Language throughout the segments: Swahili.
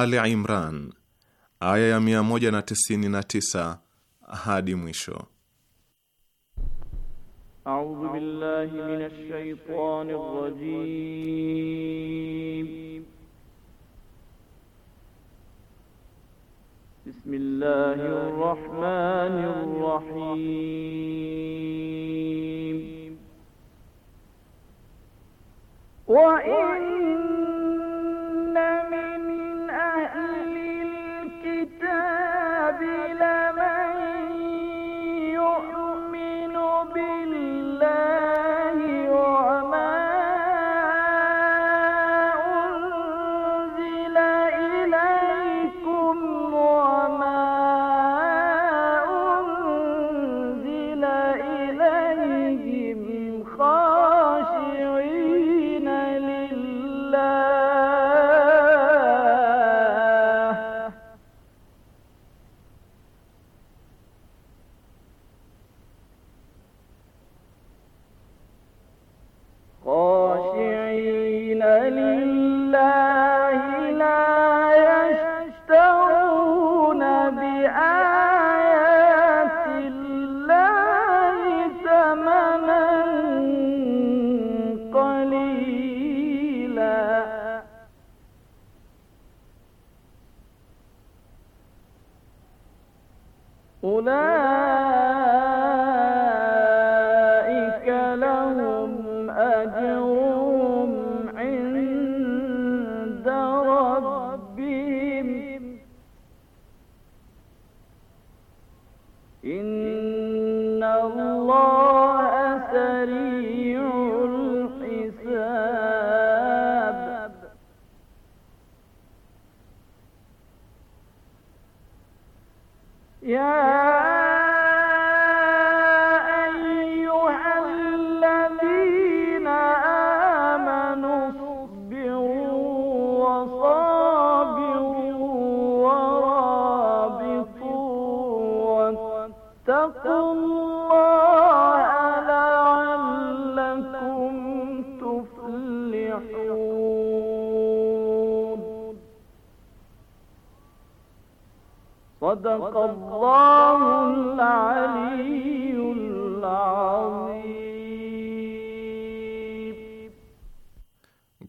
Ali Imran aya ya 199 hadi mwisho. A'udhu billahi minash shaitani rajim. Bismillahir rahmanir rahim. Wa in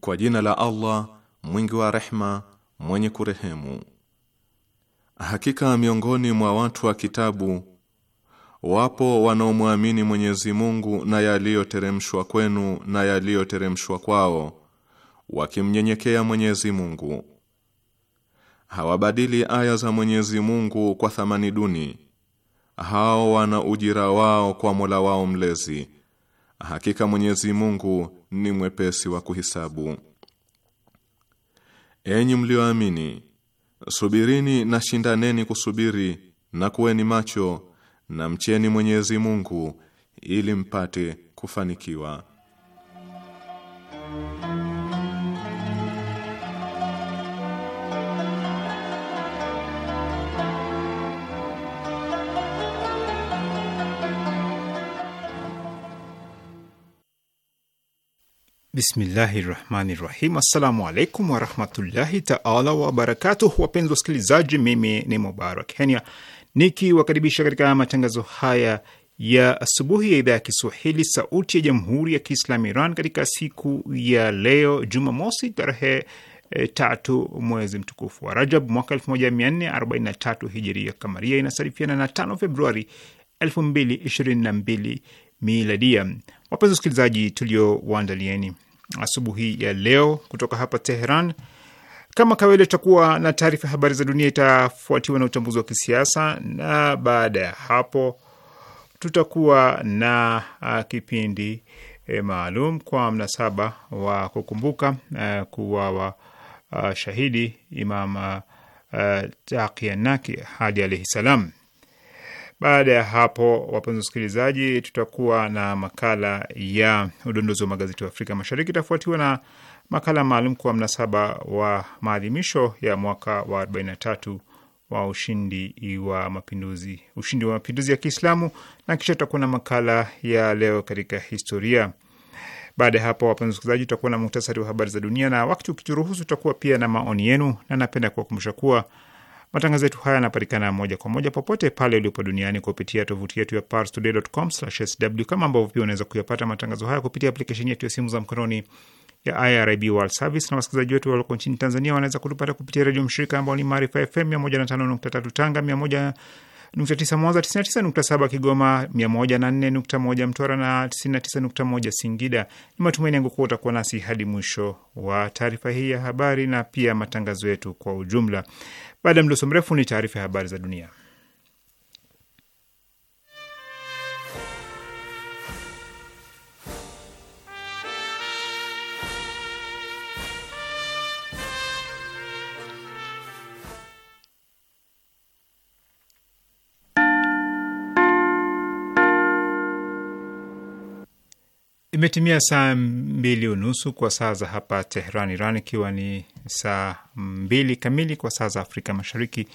Kwa jina la Allah mwingi wa rehma, mwenye kurehemu. Hakika miongoni mwa watu wa kitabu wapo wanaomwamini Mwenyezi Mungu na yaliyoteremshwa kwenu na yaliyoteremshwa kwao, wakimnyenyekea Mwenyezi Mungu. Hawabadili aya za Mwenyezi Mungu kwa thamani duni. Hao wana ujira wao kwa Mola wao mlezi. Hakika Mwenyezi Mungu ni mwepesi wa kuhisabu. Enyi mlioamini, subirini na shindaneni kusubiri na kuweni macho na mcheni Mwenyezi Mungu ili mpate kufanikiwa. Bismillahi rahmani rahim. Assalamu alaikum warahmatullahi taala wabarakatuh. Wapenzi wasikilizaji, mimi ni Mubarak Kenya nikiwakaribisha katika matangazo haya ya asubuhi ya idhaa ya Kiswahili sauti ya jamhuri ya Kiislamu Iran katika siku ya leo Jumamosi tarehe e, tatu mwezi mtukufu wa Rajab mwaka 1443 hijiria kamaria inasarifiana na 5 Februari 2022 miladia. Wapenzi wasikilizaji, tuliowaandalieni asubuhi ya leo kutoka hapa Teheran, kama kawaida, tutakuwa na taarifa ya habari za dunia, itafuatiwa na uchambuzi wa kisiasa, na baada ya hapo tutakuwa na uh, kipindi e, maalum kwa mnasaba wa kukumbuka eh, kuwawa uh, shahidi Imam uh, Taqiyanaki hadi alaihi salam. Baada ya hapo, wapenzi wasikilizaji, tutakuwa na makala ya udondozi wa magazeti wa Afrika Mashariki, itafuatiwa na makala maalum kwa mnasaba wa maadhimisho ya mwaka wa 43 wa ushindi wa mapinduzi ushindi wa mapinduzi ya Kiislamu, na kisha tutakuwa na makala ya leo katika historia. Baada ya hapo, wapenzi wasikilizaji, tutakuwa na muhtasari wa habari za dunia, na wakati ukituruhusu, tutakuwa pia na maoni yenu, na napenda kuwakumbusha kuwa Matangazo yetu haya yanapatikana moja kwa moja popote pale ulipo duniani kupitia tovuti yetu ya parstoday.com/sw, kama ambavyo pia unaweza kuyapata matangazo haya kupitia aplikesheni yetu ya simu za mkononi ya IRIB World Service, na wasikilizaji wetu walioko nchini Tanzania wanaweza kutupata kupitia redio mshirika ambao ni Maarifa FM 105.3 Tanga, 99.7 Kigoma, 104.1 Mtwara na 99.1 Singida. Ni matumaini yangu kuwa utakuwa nasi hadi mwisho wa taarifa hii ya habari na pia matangazo yetu kwa ujumla. Baada ya mdoso mrefu, ni taarifa ya habari za dunia. Imetimia saa mbili unusu kwa saa za hapa Tehran, Iran, ikiwa ni saa mbili kamili kwa saa za Afrika Mashariki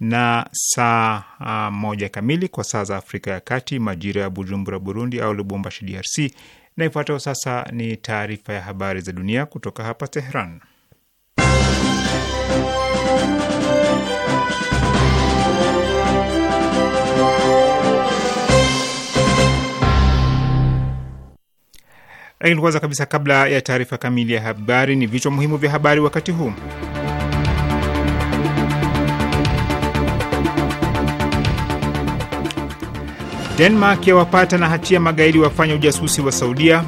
na saa uh, moja kamili kwa saa za Afrika ya Kati, majira ya Bujumbura, Burundi, au Lubumbashi, DRC. Na ifuatayo sasa ni taarifa ya habari za dunia kutoka hapa Tehran. Lakini kwanza kabisa, kabla ya taarifa kamili ya habari, ni vichwa muhimu vya habari wakati huu. Denmark yawapata na hatia magaidi wafanya ujasusi wa Saudia.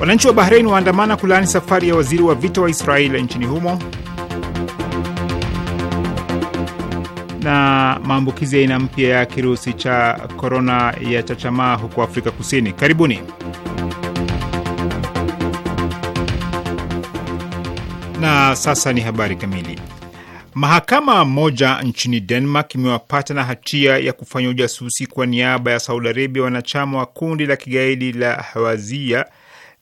Wananchi wa Bahrein waandamana kulaani safari ya waziri wa vita wa Israeli nchini humo. na maambukizi ya aina mpya ya kirusi cha korona ya chachamaa huko Afrika Kusini. Karibuni. Na sasa ni habari kamili. Mahakama moja nchini Denmark imewapata na hatia ya kufanya ujasusi kwa niaba ya Saudi Arabia wanachama wa kundi la kigaidi la Hawazia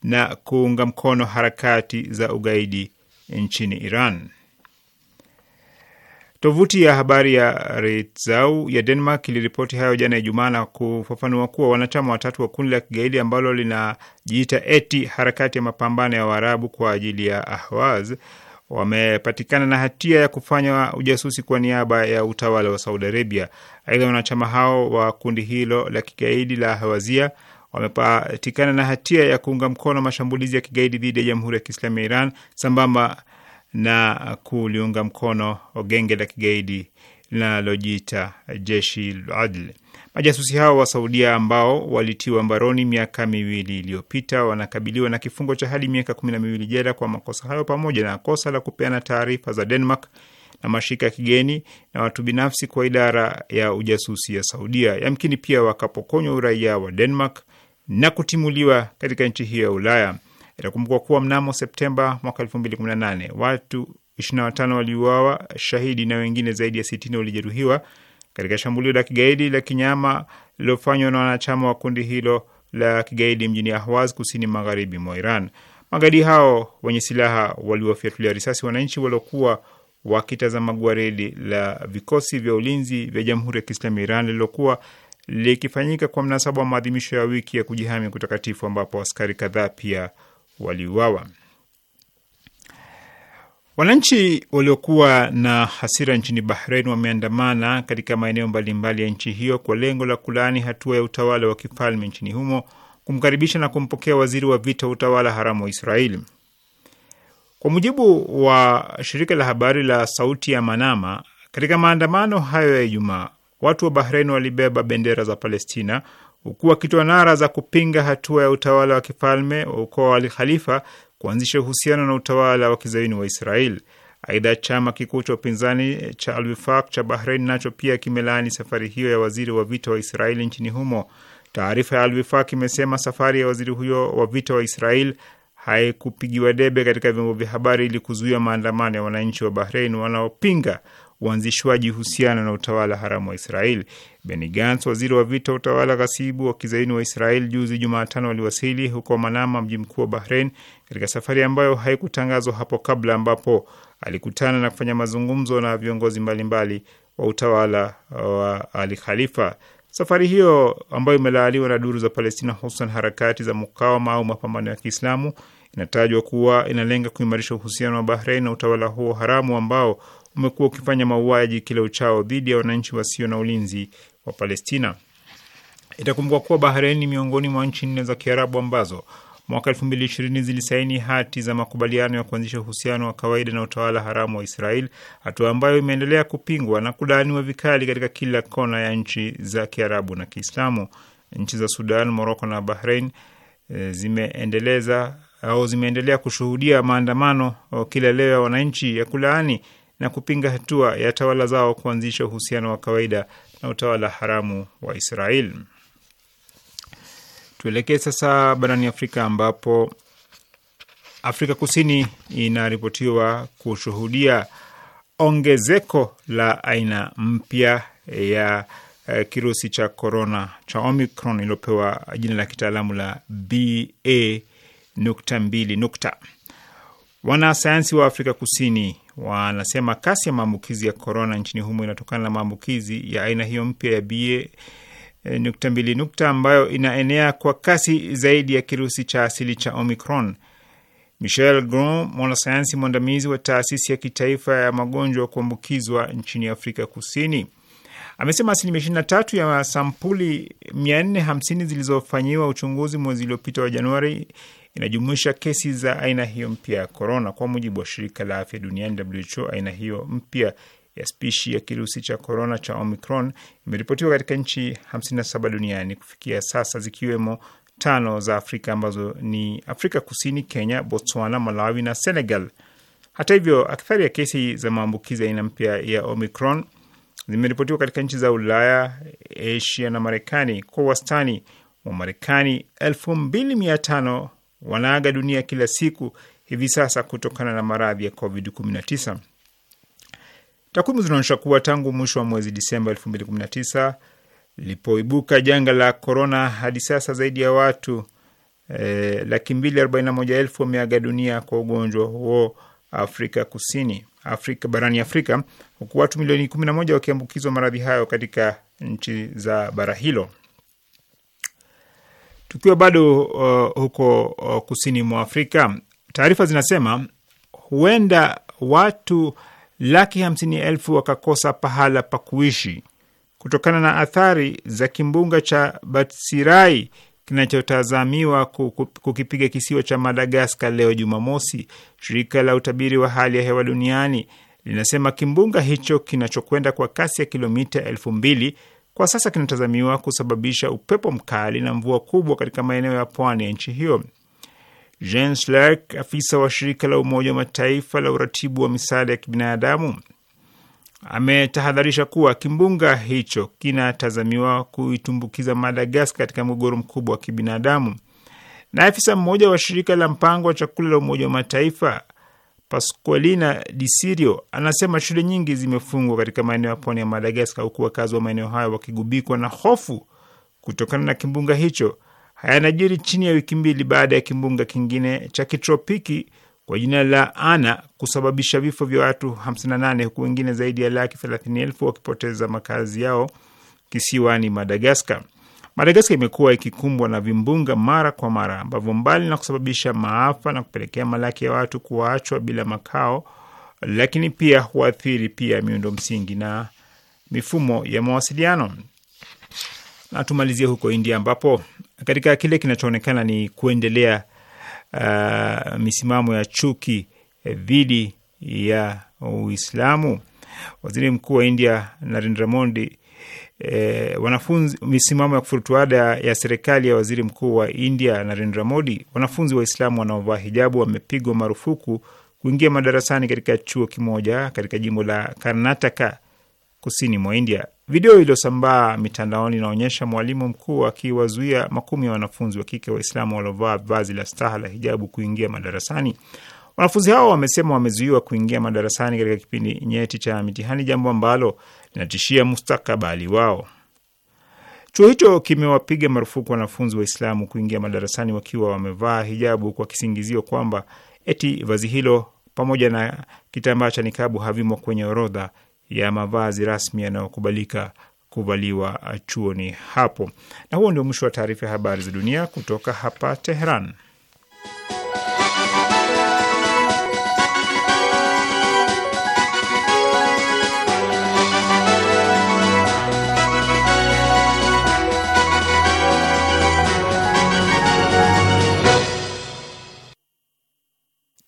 na kuunga mkono harakati za ugaidi nchini Iran. Tovuti ya habari ya Reitzau ya Denmark iliripoti hayo jana Ijumaa na kufafanua kuwa wanachama watatu wa kundi la kigaidi ambalo linajiita eti harakati ya mapambano ya Waarabu kwa ajili ya Ahwaz wamepatikana na hatia ya kufanya ujasusi kwa niaba ya utawala wa Saudi Arabia. Aidha, wanachama hao wa kundi hilo la kigaidi la Hawazia wamepatikana na hatia ya kuunga mkono mashambulizi ya kigaidi dhidi ya Jamhuri ya Kiislamu ya Iran sambamba na kuliunga mkono genge la kigaidi linalojiita jeshi adl. Majasusi hao wa Saudia ambao walitiwa mbaroni miaka miwili iliyopita wanakabiliwa na kifungo cha hadi miaka kumi na miwili jela kwa makosa hayo pamoja na kosa la kupeana taarifa za Denmark na mashirika ya kigeni na watu binafsi kwa idara ya ujasusi ya Saudia. Yamkini pia wakapokonywa uraia wa Denmark na kutimuliwa katika nchi hiyo ya Ulaya. Itakumbukwa kuwa mnamo Septemba mwaka 2018 watu 25 waliuawa shahidi na wengine zaidi ya 60 walijeruhiwa katika shambulio la kigaidi la kinyama lililofanywa na wanachama wa kundi hilo la kigaidi mjini Ahwaz, kusini magharibi mwa Iran. Magaidi hao wenye silaha waliwafyatulia risasi wananchi waliokuwa wakitazama gwaredi la vikosi vya ulinzi vya Jamhuri ya Kiislamu ya Iran lililokuwa likifanyika kwa mnasaba wa maadhimisho ya wiki ya kujihami kutakatifu, ambapo askari kadhaa pia waliuawa. Wananchi waliokuwa na hasira nchini Bahrain wameandamana katika maeneo mbalimbali ya nchi hiyo kwa lengo la kulaani hatua ya utawala wa kifalme nchini humo kumkaribisha na kumpokea waziri wa vita wa utawala haramu wa Israeli. Kwa mujibu wa shirika la habari la Sauti ya Manama, katika maandamano hayo ya Ijumaa, watu wa Bahrain walibeba bendera za Palestina huku wakitoa nara za kupinga hatua ya utawala wa kifalme wa ukoo wa Al Khalifa kuanzisha uhusiano na utawala wa kizaini wa Israel. Aidha, chama kikuu cha upinzani cha Alwifaq cha Bahrain nacho pia kimelaani safari hiyo ya waziri wa vita wa Israeli nchini humo. Taarifa ya Alwifaq imesema safari ya waziri huyo wa vita wa Israel haikupigiwa debe katika vyombo vya habari ili kuzuia maandamano ya wananchi wa Bahrain wanaopinga uanzishwaji uhusiano na utawala haramu wa Israel. Beni Gans, waziri wa vita wa utawala ghasibu wa kizaini wa Israel, juzi Jumatano aliwasili huko Manama, mji mkuu wa Bahrein, katika safari ambayo haikutangazwa hapo kabla, ambapo alikutana na kufanya mazungumzo na viongozi mbalimbali mbali wa utawala wa Ali Khalifa. Safari hiyo ambayo imelaaliwa na duru za Palestina, hususan harakati za mukawama au mapambano ya Kiislamu, inatajwa kuwa inalenga kuimarisha uhusiano wa Bahrein na utawala huo haramu ambao umekuwa ukifanya mauaji kila uchao dhidi ya wananchi wasio na ulinzi wa Palestina. Itakumbukwa kuwa Bahrein ni miongoni mwa nchi nne za Kiarabu ambazo mwaka elfu mbili ishirini zilisaini hati za makubaliano ya kuanzisha uhusiano wa kawaida na utawala haramu wa Israel, hatua ambayo imeendelea kupingwa na kulaaniwa vikali katika kila kona ya nchi za Kiarabu na Kiislamu. Nchi za Sudan, Moroko na Bahrein eh, zimeendeleza au zimeendelea kushuhudia maandamano oh, kila leo ya wananchi ya kulaani na kupinga hatua ya tawala zao kuanzisha uhusiano wa kawaida na utawala haramu wa Israel. Tuelekee sasa barani Afrika ambapo Afrika Kusini inaripotiwa kushuhudia ongezeko la aina mpya ya eh, kirusi cha korona cha Omicron iliyopewa jina la kitaalamu la BA nukta mbili nukta. Wanasayansi wa Afrika Kusini wanasema kasi ya maambukizi ya korona nchini humo inatokana na maambukizi ya aina hiyo mpya ya BA eh, nukta mbili nukta ambayo inaenea kwa kasi zaidi ya kirusi cha asili cha Omicron. Michel Gron, mwanasayansi mwandamizi wa taasisi ya kitaifa ya magonjwa kuambukizwa nchini Afrika Kusini, amesema asilimia 23 ya sampuli 450 zilizofanyiwa uchunguzi mwezi uliopita wa Januari inajumuisha kesi za aina hiyo mpya ya korona. Kwa mujibu wa shirika la afya duniani WHO, aina hiyo mpya ya spishi ya kirusi cha korona cha Omicron imeripotiwa katika nchi 57 duniani kufikia sasa, zikiwemo tano za Afrika ambazo ni Afrika Kusini, Kenya, Botswana, Malawi na Senegal. Hata hivyo, akthari ya kesi za maambukizi aina mpya ya Omicron zimeripotiwa katika nchi za Ulaya, Asia na Marekani. Kwa wastani wa Marekani 2500 wanaaga dunia kila siku hivi sasa kutokana na maradhi ya COVID-19. Takwimu zinaonyesha kuwa tangu mwisho wa mwezi Disemba 2019 lipoibuka janga la korona hadi sasa zaidi ya watu eh, laki mbili arobaini na moja elfu wameaga dunia kwa ugonjwa huo Afrika Kusini, Afrika barani Afrika, huku watu milioni 11 wakiambukizwa maradhi hayo katika nchi za bara hilo. Tukiwa bado uh, huko uh, kusini mwa Afrika, taarifa zinasema huenda watu laki hamsini elfu wakakosa pahala pa kuishi kutokana na athari za kimbunga cha Batsirai kinachotazamiwa kukipiga kisiwa cha Madagaskar leo Jumamosi. Shirika la utabiri wa hali ya hewa duniani linasema kimbunga hicho kinachokwenda kwa kasi ya kilomita elfu mbili kwa sasa kinatazamiwa kusababisha upepo mkali na mvua kubwa katika maeneo ya pwani ya nchi hiyo. Jens afisa wa shirika la Umoja wa Mataifa la uratibu wa misaada ya kibinadamu, ametahadharisha kuwa kimbunga hicho kinatazamiwa kuitumbukiza Madagaskar katika mgogoro mkubwa wa kibinadamu. Na afisa mmoja wa shirika la mpango wa chakula la Umoja wa Mataifa Pasqualina Di Sirio anasema shule nyingi zimefungwa katika maeneo ya pwani ya Madagaskar, huku wakazi wa maeneo hayo wakigubikwa na hofu kutokana na kimbunga hicho. hayanajiri chini ya wiki mbili baada ya kimbunga kingine cha kitropiki kwa jina la Ana kusababisha vifo vya watu 58 huku wengine zaidi ya laki 30 elfu wakipoteza makazi yao kisiwani Madagaskar. Madagaskar imekuwa ikikumbwa na vimbunga mara kwa mara ambavyo mbali na kusababisha maafa na kupelekea malaki ya watu kuachwa bila makao, lakini pia huathiri pia miundo msingi na mifumo ya mawasiliano. Na tumalizie huko India ambapo katika kile kinachoonekana ni kuendelea uh, misimamo ya chuki eh, dhidi ya Uislamu, waziri mkuu wa India Narendra Modi e, wanafunzi misimamo ya kufurutuada ya serikali ya waziri mkuu wa India Narendra Modi, wanafunzi Waislamu wanaovaa hijabu wamepigwa marufuku kuingia madarasani katika chuo kimoja katika jimbo la Karnataka kusini mwa India. Video iliyosambaa mitandaoni inaonyesha mwalimu mkuu akiwazuia makumi ya wanafunzi wa kike Waislamu waliovaa vazi la staha la hijabu kuingia madarasani. Wanafunzi hao wamesema wamezuiwa kuingia madarasani katika kipindi nyeti cha mitihani, jambo ambalo inatishia mustakabali wao. Chuo hicho kimewapiga marufuku wanafunzi Waislamu kuingia madarasani wakiwa wamevaa hijabu kwa kisingizio kwamba eti vazi hilo pamoja na kitambaa cha nikabu havimo kwenye orodha ya mavazi rasmi yanayokubalika kuvaliwa chuoni hapo. Na huo ndio mwisho wa taarifa ya habari za dunia kutoka hapa Tehran.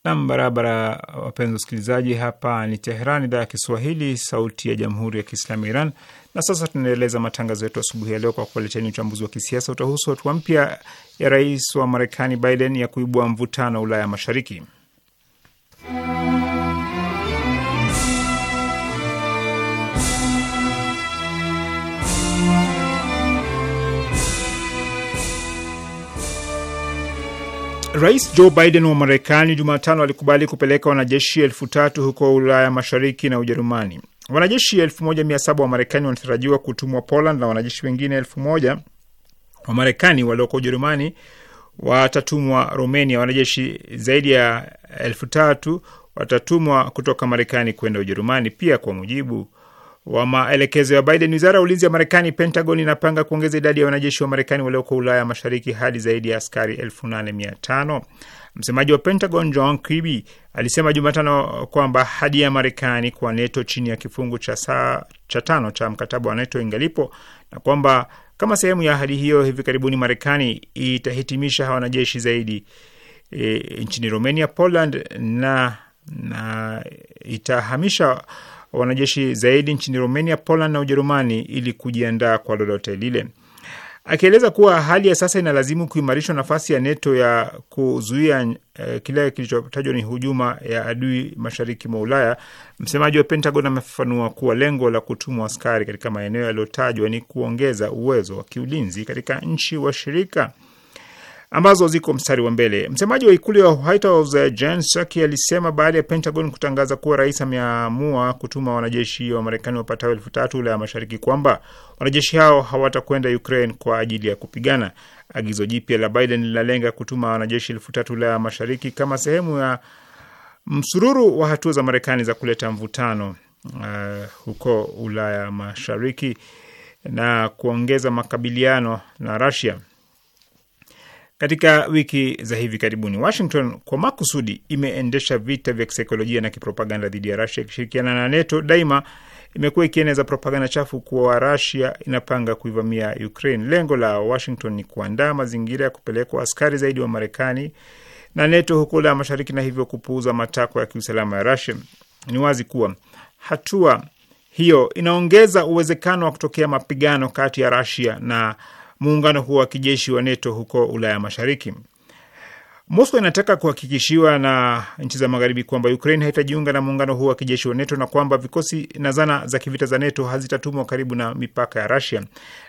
Nam barabara, wapenzi wasikilizaji, hapa ni Teheran, idhaa ya Kiswahili, sauti ya jamhuri ya kiislamu ya Iran. Na sasa tunaeleza matangazo yetu asubuhi ya leo kwa kuwaleteni uchambuzi wa kisiasa. Utahusu hatua mpya ya rais wa Marekani Biden ya kuibua mvutano Ulaya Mashariki. Rais Joe Biden wa Marekani Jumatano alikubali kupeleka wanajeshi elfu tatu huko Ulaya Mashariki na Ujerumani. Wanajeshi elfu moja mia saba wa Marekani wanatarajiwa kutumwa Poland na wanajeshi wengine elfu moja wa Marekani walioko Ujerumani watatumwa Romania. Wanajeshi zaidi ya elfu tatu watatumwa kutoka Marekani kwenda Ujerumani. Pia kwa mujibu wa maelekezo ya Biden, wizara ya ulinzi ya Marekani, Pentagon, inapanga kuongeza idadi ya wanajeshi wa Marekani walioko Ulaya Mashariki hadi zaidi ya askari elfu nane mia tano. Msemaji wa Pentagon John Kirby alisema Jumatano kwamba hadi ya Marekani kwa NATO chini ya kifungu cha saa cha tano cha mkataba wa NATO ingalipo na kwamba kama sehemu ya ahadi hiyo, hivi karibuni Marekani itahitimisha wanajeshi zaidi e, nchini Romania, Poland na, na itahamisha wanajeshi zaidi nchini Romania, Poland na Ujerumani ili kujiandaa kwa lolote lile, akieleza kuwa hali ya sasa inalazimu kuimarishwa nafasi ya NATO ya kuzuia eh, kile kilichotajwa ni hujuma ya adui mashariki mwa Ulaya. Msemaji wa Pentagon amefafanua kuwa lengo la kutumwa askari katika maeneo yaliyotajwa ni kuongeza uwezo wa kiulinzi katika nchi washirika ambazo ziko mstari wa mbele. Msemaji wa ikulu ya White House eh, Jen Psaki alisema baada ya Pentagon kutangaza kuwa rais ameamua kutuma wanajeshi wa Marekani wapatao elfu tatu Ulaya Mashariki kwamba wanajeshi hao hawatakwenda Ukraine kwa ajili ya kupigana. Agizo jipya la Biden linalenga kutuma wanajeshi elfu tatu Ulaya Mashariki kama sehemu ya msururu wa hatua za Marekani za kuleta mvutano uh, huko Ulaya Mashariki na kuongeza makabiliano na Russia. Katika wiki za hivi karibuni, Washington kwa makusudi imeendesha vita vya kisaikolojia na kipropaganda dhidi ya Rasia ikishirikiana na NATO. Daima imekuwa ikieneza propaganda chafu kuwa Rasia inapanga kuivamia Ukraine. Lengo la Washington ni kuandaa mazingira ya kupelekwa askari zaidi wa Marekani na NATO huko Ulaya Mashariki, na hivyo kupuuza matakwa ya kiusalama ya Rasia. Ni wazi kuwa hatua hiyo inaongeza uwezekano wa kutokea mapigano kati ya Rasia na muungano huo wa kijeshi wa NATO huko Ulaya Mashariki. Moscow inataka kuhakikishiwa na nchi za magharibi kwamba Ukraine haitajiunga na muungano huo wa kijeshi wa NATO na kwamba vikosi na zana za kivita za NATO hazitatumwa karibu na mipaka ya Russia.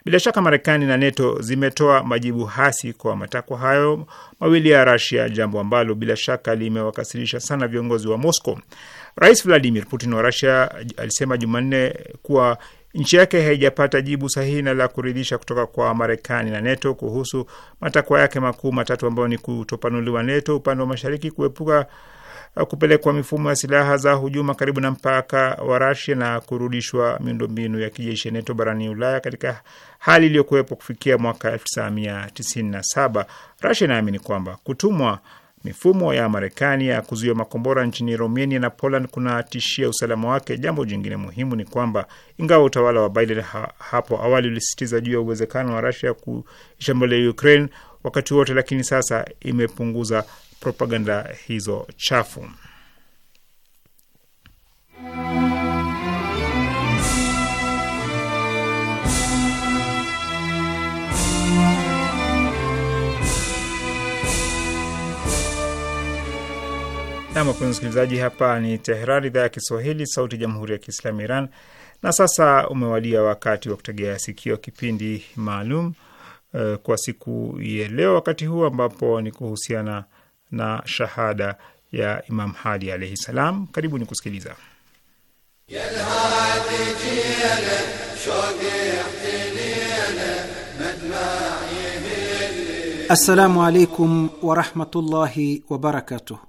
Bila shaka, Marekani na NATO zimetoa majibu hasi kwa matakwa hayo mawili ya Russia, jambo ambalo bila shaka limewakasirisha sana viongozi wa Moscow. Rais Vladimir Putin wa Russia alisema Jumanne kuwa nchi yake haijapata jibu sahihi na la kuridhisha kutoka kwa Marekani na NATO kuhusu matakwa yake makuu matatu ambayo ni kutopanuliwa NATO upande wa mashariki, kuepuka uh, kupelekwa mifumo ya silaha za hujuma karibu na mpaka wa Rasia na kurudishwa miundombinu ya kijeshi ya NATO barani Ulaya katika hali iliyokuwepo kufikia mwaka 1997. Rasia inaamini kwamba kutumwa Mifumo ya Marekani ya kuzuia makombora nchini Romania na Poland kunatishia usalama wake. Jambo jingine muhimu ni kwamba ingawa utawala wa Biden ha hapo awali ulisisitiza juu ya uwezekano wa Rusia kushambulia Ukraine wakati wote, lakini sasa imepunguza propaganda hizo chafu. Nam, wapenzi msikilizaji, hapa ni Teheran, idhaa ya Kiswahili, sauti ya jamhuri ya kiislamu Iran. Na sasa umewadia wakati wa kutegea sikio kipindi maalum uh, kwa siku ya leo, wakati huu ambapo ni kuhusiana na shahada ya Imam Hadi alaihi salam. ni kusikiliza Assalamu alaikum warahmatullahi wabarakatuh.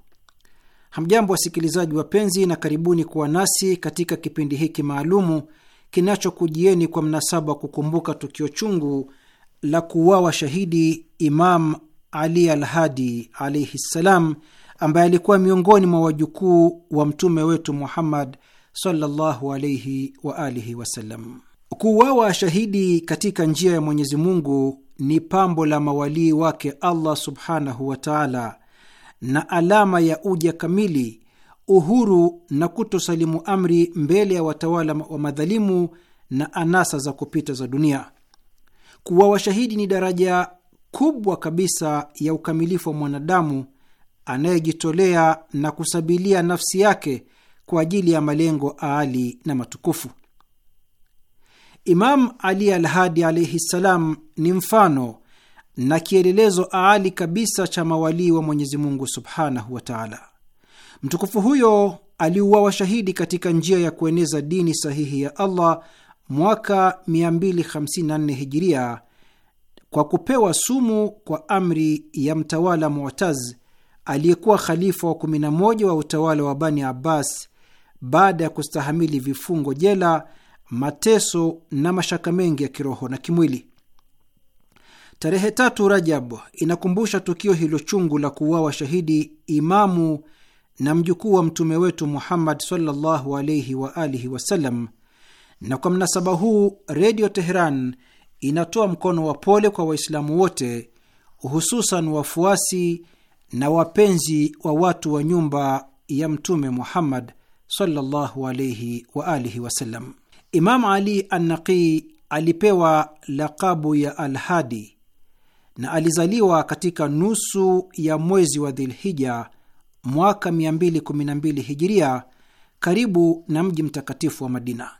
Hamjambo wasikilizaji wapenzi, na karibuni kuwa nasi katika kipindi hiki maalumu kinachokujieni kwa mnasaba wa kukumbuka tukio chungu la kuuawa shahidi Imam Ali Alhadi alaihi ssalam, ambaye alikuwa miongoni mwa wajukuu wa mtume wetu Muhammad sallallahu alaihi wasallam. Kuuawa shahidi katika njia ya Mwenyezi Mungu ni pambo la mawalii wake Allah subhanahu wataala na alama ya uja kamili, uhuru na kutosalimu amri mbele ya watawala wa madhalimu na anasa za kupita za dunia. Kuwa washahidi ni daraja kubwa kabisa ya ukamilifu wa mwanadamu anayejitolea na kusabilia nafsi yake kwa ajili ya malengo aali na matukufu. Imam Ali Alhadi alaihi ssalam ni mfano na kielelezo aali kabisa cha mawalii wa Mwenyezi Mungu subhanahu wa taala. Mtukufu huyo aliuawa shahidi katika njia ya kueneza dini sahihi ya Allah mwaka 254 hijiria kwa kupewa sumu kwa amri ya mtawala Mu'taz aliyekuwa khalifa wa 11 wa utawala wa Bani Abbas baada ya kustahamili vifungo jela, mateso na mashaka mengi ya kiroho na kimwili. Tarehe tatu Rajab inakumbusha tukio hilo chungu la kuuawa shahidi imamu na mjukuu wa mtume wetu Muhammad sallallahu alaihi wa alihi wasallam, na kwa mnasaba huu Redio Teheran inatoa mkono wa pole kwa Waislamu wote hususan wafuasi na wapenzi wa watu wa nyumba ya Mtume Muhammad sallallahu alaihi wa alihi wasallam. Imamu Ali Annaqi alipewa lakabu ya Alhadi na alizaliwa katika nusu ya mwezi wa Dhilhija mwaka 212 hijiria karibu na mji mtakatifu wa Madina.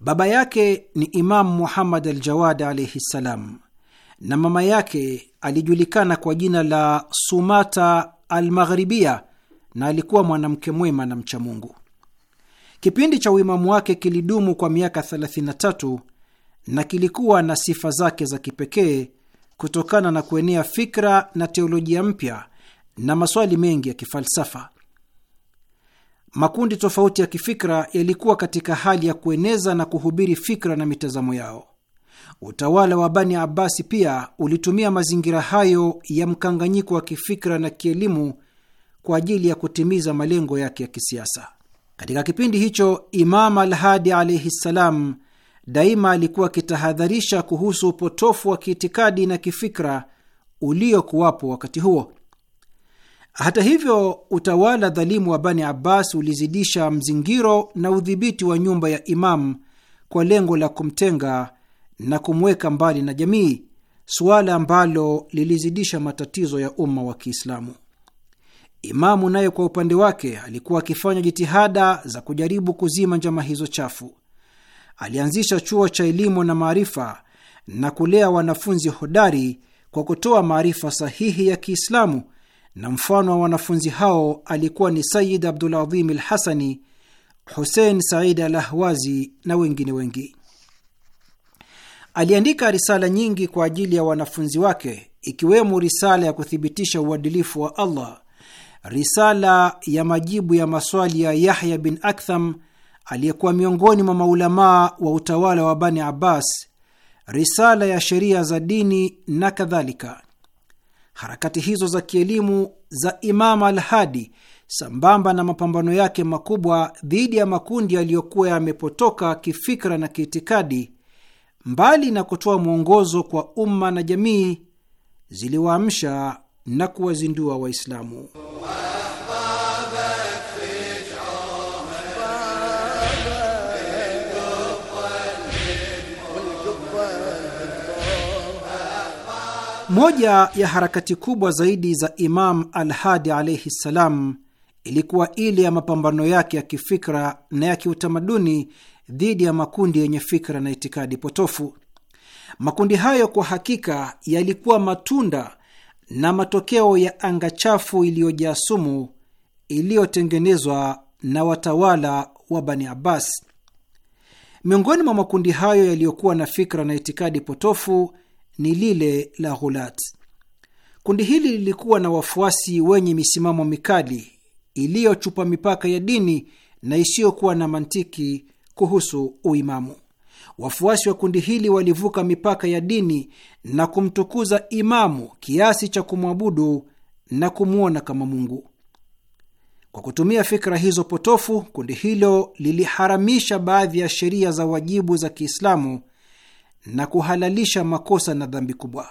Baba yake ni Imamu Muhammad al-Jawad alaihi ssalam, na mama yake alijulikana kwa jina la Sumata al maghribia na alikuwa mwanamke mwema na mchamungu. Kipindi cha uimamu wake kilidumu kwa miaka 33 na kilikuwa na sifa zake za kipekee kutokana na kuenea fikra na teolojia mpya na maswali mengi ya kifalsafa. Makundi tofauti ya kifikra yalikuwa katika hali ya kueneza na kuhubiri fikra na mitazamo yao. Utawala wa Bani Abbasi pia ulitumia mazingira hayo ya mkanganyiko wa kifikra na kielimu kwa ajili ya kutimiza malengo yake ya kisiasa. Katika kipindi hicho, Imam Alhadi alaihi ssalam daima alikuwa akitahadharisha kuhusu upotofu wa kiitikadi na kifikra uliokuwapo wakati huo. Hata hivyo, utawala dhalimu wa Bani Abbas ulizidisha mzingiro na udhibiti wa nyumba ya Imamu kwa lengo la kumtenga na kumweka mbali na jamii, suala ambalo lilizidisha matatizo ya umma wa Kiislamu. Imamu naye kwa upande wake alikuwa akifanya jitihada za kujaribu kuzima njama hizo chafu alianzisha chuo cha elimu na maarifa na kulea wanafunzi hodari kwa kutoa maarifa sahihi ya Kiislamu, na mfano wa wanafunzi hao alikuwa ni Sayid Abdulazim al Hasani, Husein Said al Ahwazi na wengine wengi. Aliandika risala nyingi kwa ajili ya wanafunzi wake, ikiwemo risala ya kuthibitisha uadilifu wa Allah, risala ya majibu ya maswali ya Yahya bin Aktham aliyekuwa miongoni mwa maulamaa wa utawala wa Bani Abbas, risala ya sheria za dini na kadhalika. Harakati hizo za kielimu za Imam Al-Hadi sambamba na mapambano yake makubwa dhidi ya makundi yaliyokuwa yamepotoka kifikra na kiitikadi, mbali na kutoa mwongozo kwa umma na jamii, ziliwaamsha na kuwazindua Waislamu. Moja ya harakati kubwa zaidi za Imam Alhadi alaihi ssalam ilikuwa ile ya mapambano yake ya kifikra na ya kiutamaduni dhidi ya makundi yenye fikra na itikadi potofu. Makundi hayo kwa hakika yalikuwa matunda na matokeo ya anga chafu iliyojaa sumu iliyotengenezwa na watawala wa Bani Abbas. Miongoni mwa makundi hayo yaliyokuwa na fikra na itikadi potofu ni lile la Ghulat. Kundi hili lilikuwa na wafuasi wenye misimamo mikali iliyochupa mipaka ya dini na isiyokuwa na mantiki kuhusu uimamu. Wafuasi wa kundi hili walivuka mipaka ya dini na kumtukuza imamu kiasi cha kumwabudu na kumwona kama Mungu. Kwa kutumia fikra hizo potofu, kundi hilo liliharamisha baadhi ya sheria za wajibu za Kiislamu na kuhalalisha makosa na dhambi kubwa.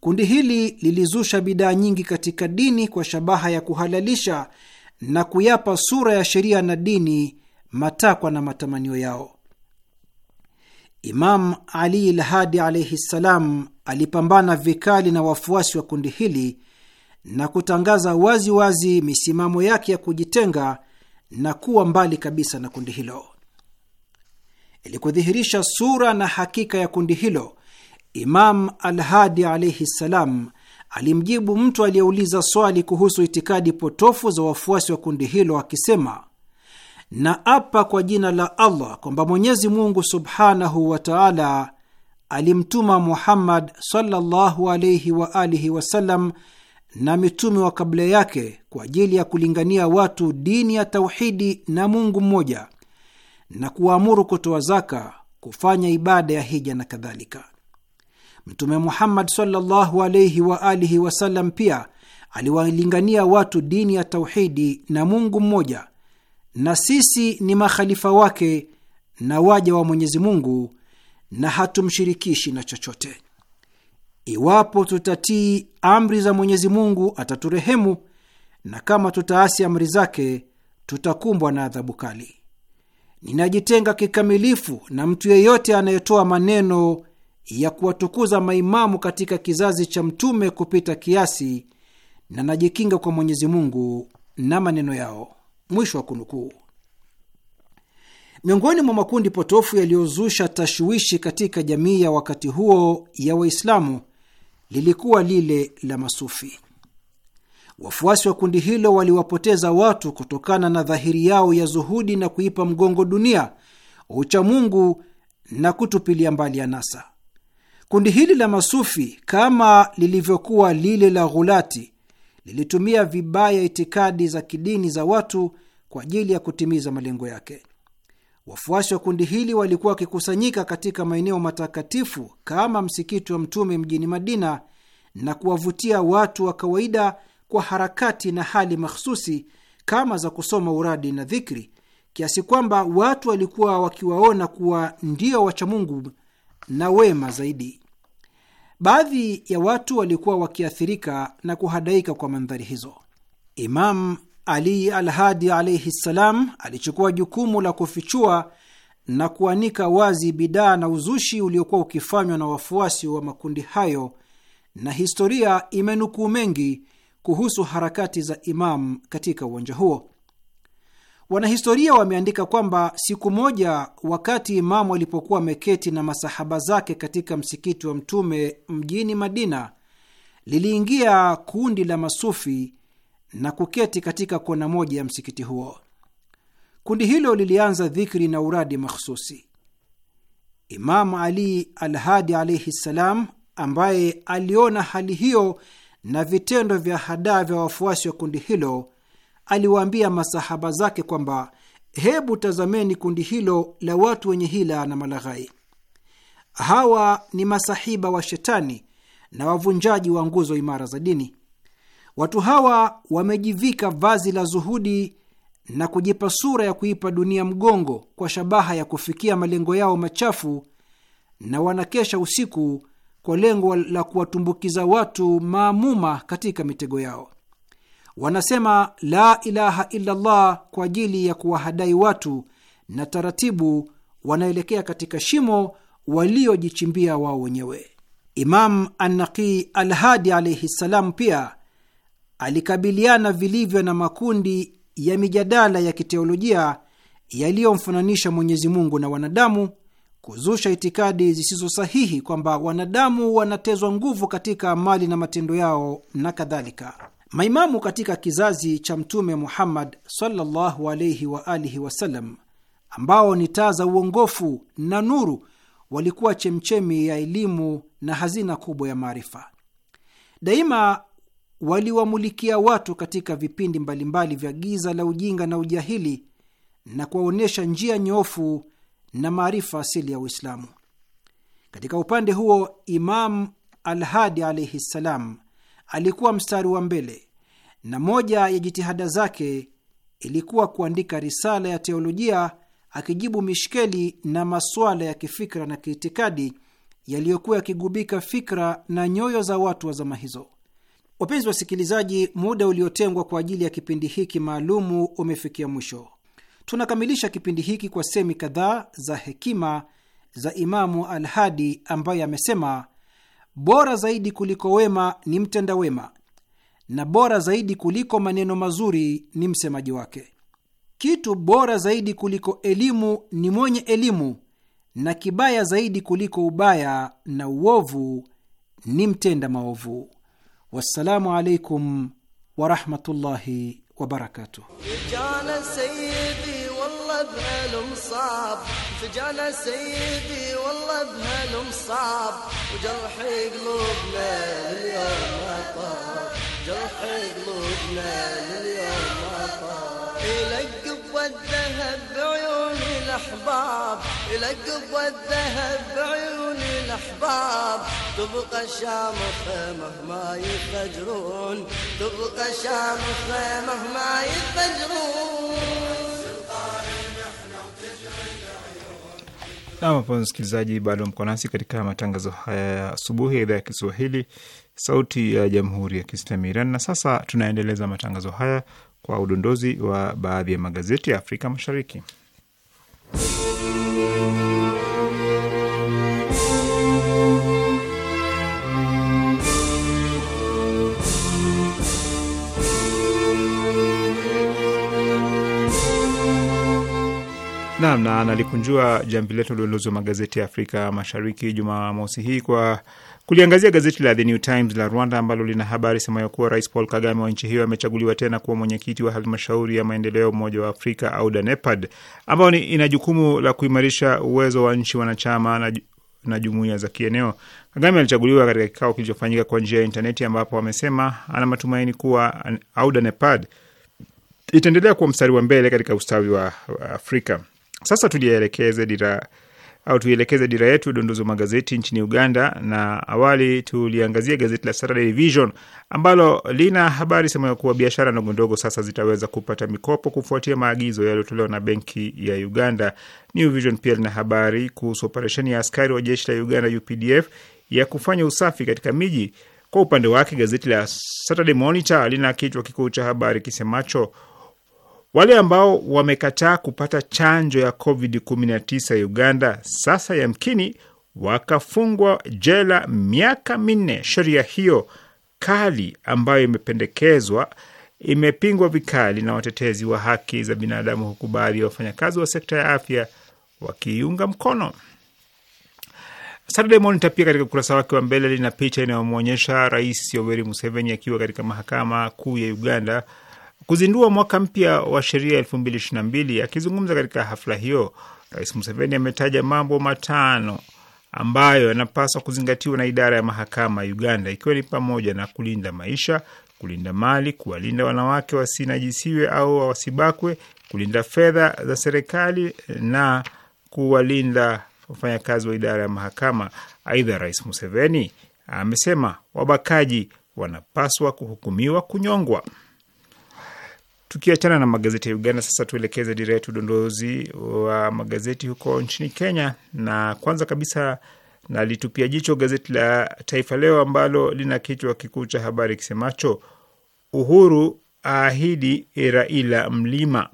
Kundi hili lilizusha bidaa nyingi katika dini kwa shabaha ya kuhalalisha na kuyapa sura ya sheria na dini matakwa na matamanio yao. Imam Ali lhadi alaihi ssalam alipambana vikali na wafuasi wa kundi hili na kutangaza waziwazi wazi misimamo yake ya kujitenga na kuwa mbali kabisa na kundi hilo. Ili kudhihirisha sura na hakika ya kundi hilo, Imam Alhadi alaihi ssalam alimjibu mtu aliyeuliza swali kuhusu itikadi potofu za wafuasi wa kundi hilo akisema, na apa kwa jina la Allah kwamba Mwenyezi Mungu subhanahu wa taala alimtuma Muhammad sallallahu alaihi wa alihi wasallam na mitume wa kabla yake kwa ajili ya kulingania watu dini ya tauhidi na Mungu mmoja na kuwaamuru kutoa zaka, kufanya ibada ya hija na kadhalika. Mtume Muhammad sallallahu wa alihi wasallam pia aliwalingania watu dini ya tauhidi na Mungu mmoja, na sisi ni makhalifa wake na waja wa Mwenyezi Mungu na hatumshirikishi na chochote. Iwapo tutatii amri za Mwenyezi Mungu ataturehemu, na kama tutaasi amri zake tutakumbwa na adhabu kali. Ninajitenga kikamilifu na mtu yeyote anayetoa maneno ya kuwatukuza maimamu katika kizazi cha Mtume kupita kiasi, na najikinga kwa Mwenyezi Mungu na maneno yao. Mwisho wa kunukuu. Miongoni mwa makundi potofu yaliyozusha tashwishi katika jamii ya wakati huo ya Waislamu lilikuwa lile la masufi. Wafuasi wa kundi hilo waliwapoteza watu kutokana na dhahiri yao ya zuhudi na kuipa mgongo dunia, uchamungu na kutupilia mbali anasa. Kundi hili la masufi kama lilivyokuwa lile la ghulati lilitumia vibaya itikadi za kidini za watu kwa ajili ya kutimiza malengo yake. Wafuasi wa kundi hili walikuwa wakikusanyika katika maeneo matakatifu kama msikiti wa Mtume mjini Madina na kuwavutia watu wa kawaida kwa harakati na hali mahsusi kama za kusoma uradi na dhikri, kiasi kwamba watu walikuwa wakiwaona kuwa ndio wachamungu na wema zaidi. Baadhi ya watu walikuwa wakiathirika na kuhadaika kwa mandhari hizo. Imam Ali Alhadi alaihi ssalam alichukua jukumu la kufichua na kuanika wazi bidaa na uzushi uliokuwa ukifanywa na wafuasi wa makundi hayo, na historia imenukuu mengi kuhusu harakati za Imam katika uwanja huo. Wanahistoria wameandika kwamba siku moja, wakati Imamu alipokuwa ameketi na masahaba zake katika msikiti wa Mtume mjini Madina, liliingia kundi la masufi na kuketi katika kona moja ya msikiti huo. Kundi hilo lilianza dhikri na uradi makhususi. Imamu Ali Alhadi alaihi ssalam, ambaye aliona hali hiyo na vitendo vya hadaa vya wafuasi wa kundi hilo, aliwaambia masahaba zake kwamba hebu tazameni kundi hilo la watu wenye hila na malaghai. Hawa ni masahiba wa Shetani na wavunjaji wa nguzo imara za dini. Watu hawa wamejivika vazi la zuhudi na kujipa sura ya kuipa dunia mgongo kwa shabaha ya kufikia malengo yao machafu, na wanakesha usiku kwa lengo la kuwatumbukiza watu maamuma katika mitego yao. Wanasema la ilaha illallah kwa ajili ya kuwahadai watu, na taratibu wanaelekea katika shimo waliojichimbia wao wenyewe. Imam Annaqi Alhadi alaihi ssalam pia alikabiliana vilivyo na makundi ya mijadala ya kiteolojia yaliyomfananisha Mwenyezi Mungu na wanadamu kuzusha itikadi zisizo sahihi kwamba wanadamu wanatezwa nguvu katika mali na matendo yao na kadhalika. Maimamu katika kizazi cha Mtume Muhammad sallallahu wa alihi wasallam, ambao ni taa za uongofu na nuru, walikuwa chemchemi ya elimu na hazina kubwa ya maarifa. Daima waliwamulikia watu katika vipindi mbalimbali vya giza la ujinga na ujahili na kuwaonyesha njia nyoofu na maarifa asili ya Uislamu. Katika upande huo, Imam Alhadi alaihi ssalam alikuwa mstari wa mbele na moja ya jitihada zake ilikuwa kuandika risala ya teolojia akijibu mishkeli na masuala ya kifikra na kiitikadi yaliyokuwa yakigubika fikra na nyoyo za watu wa zama hizo. Wapenzi wasikilizaji, muda uliotengwa kwa ajili ya kipindi hiki maalumu umefikia mwisho. Tunakamilisha kipindi hiki kwa semi kadhaa za hekima za Imamu Alhadi ambaye amesema, bora zaidi kuliko wema ni mtenda wema na bora zaidi kuliko maneno mazuri ni msemaji wake. Kitu bora zaidi kuliko elimu ni mwenye elimu, na kibaya zaidi kuliko ubaya na uovu ni mtenda maovu. Wassalamu alaikum warahmatullahi وبركاته فجانا سيدي والله بهالم صعب فجانا سيدي والله بهالم صعب وجرح قلوبنا اليوم ما طاب جرح قلوبنا اليوم ما طاب يلقب والذهب بعيون الاحباب لقب الذهب بعيون الاحباب تبقى شامخة مهما يفجرون تبقى شامخة مهما يفجرون Nam wapenzi msikilizaji, bado mko nasi katika matangazo haya ya asubuhi ya idhaa ya Kiswahili, sauti ya jamhuri ya kiislamu Iran. Na sasa tunaendeleza matangazo haya kwa udondozi wa baadhi ya magazeti ya Afrika Mashariki. Namna nalikunjua jambi letu lolozo magazeti ya Afrika Mashariki Jumamosi hii kwa kuliangazia gazeti la The New Times la Rwanda ambalo lina habari semayo kuwa Rais Paul Kagame wa nchi hiyo amechaguliwa tena kuwa mwenyekiti wa halmashauri ya maendeleo Umoja wa Afrika au DANEPAD, ambayo ina jukumu la kuimarisha uwezo wa nchi wanachama na na jumuiya za kieneo. Kagame alichaguliwa katika kikao kilichofanyika kwa njia ya intaneti, ambapo amesema ana matumaini kuwa AUDANEPAD itaendelea kuwa mstari wa mbele katika ustawi wa Afrika. Sasa tulielekeze dira au tuielekeze dira yetu udondozi wa magazeti nchini Uganda, na awali tuliangazia gazeti la Saturday Vision ambalo lina habari ya kuwa biashara ndogo ndogo sasa zitaweza kupata mikopo kufuatia maagizo yaliyotolewa na benki ya Uganda. New Vision pia lina habari kuhusu operesheni ya askari wa jeshi la Uganda UPDF ya kufanya usafi katika miji. Kwa upande wake, gazeti la Saturday Monitor lina kichwa kikuu cha habari kisemacho wale ambao wamekataa kupata chanjo ya COVID-19 Uganda sasa yamkini wakafungwa jela miaka minne. Sheria hiyo kali ambayo imependekezwa imepingwa vikali na watetezi wa haki za binadamu, huku baadhi ya wafanyakazi wa sekta ya afya wakiiunga mkono. Saturday Monitor pia katika ukurasa wake wa mbele lina picha inayomwonyesha Rais Yoweri Museveni akiwa katika mahakama kuu ya Uganda kuzindua mwaka mpya wa sheria 2022. Akizungumza katika hafla hiyo, Rais Museveni ametaja mambo matano ambayo yanapaswa kuzingatiwa na idara ya mahakama Uganda, ikiwa ni pamoja na kulinda maisha, kulinda mali, kuwalinda wanawake wasinajisiwe au wasibakwe, kulinda fedha za serikali na kuwalinda wafanyakazi wa idara ya mahakama. Aidha, Rais Museveni amesema wabakaji wanapaswa kuhukumiwa kunyongwa. Tukiachana na magazeti ya Uganda, sasa tuelekeze dira yetu udondozi wa magazeti huko nchini Kenya, na kwanza kabisa nalitupia jicho gazeti la Taifa Leo ambalo lina kichwa kikuu cha habari kisemacho Uhuru aahidi Raila mlima.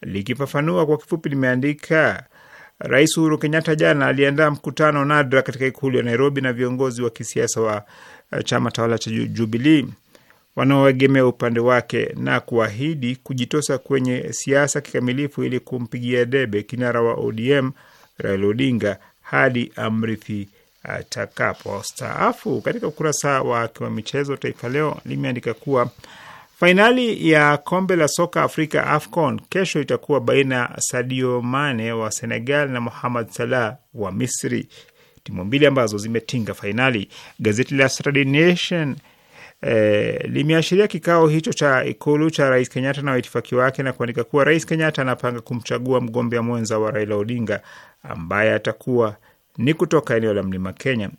Likifafanua kwa kifupi, limeandika Rais Uhuru Kenyatta jana aliandaa mkutano nadra katika ikulu ya Nairobi na viongozi wa kisiasa wa eh, chama tawala cha Jubilii wanaoegemea upande wake na kuahidi kujitosa kwenye siasa kikamilifu ili kumpigia debe kinara wa ODM Raila Odinga hadi amrithi atakapostaafu. Katika ukurasa wake wa michezo, Taifa Leo limeandika kuwa fainali ya kombe la soka Afrika AFCON kesho itakuwa baina ya Sadio Mane wa Senegal na Mohamed Salah wa Misri, timu mbili ambazo zimetinga fainali. Gazeti la Saturday Nation Eh, limeashiria kikao hicho cha ikulu cha rais Kenyatta na waitifaki wake na kuandika kuwa rais Kenyatta anapanga kumchagua mgombea mwenza wa Raila Odinga ambaye atakuwa ni kutoka eneo la mlima Kenya.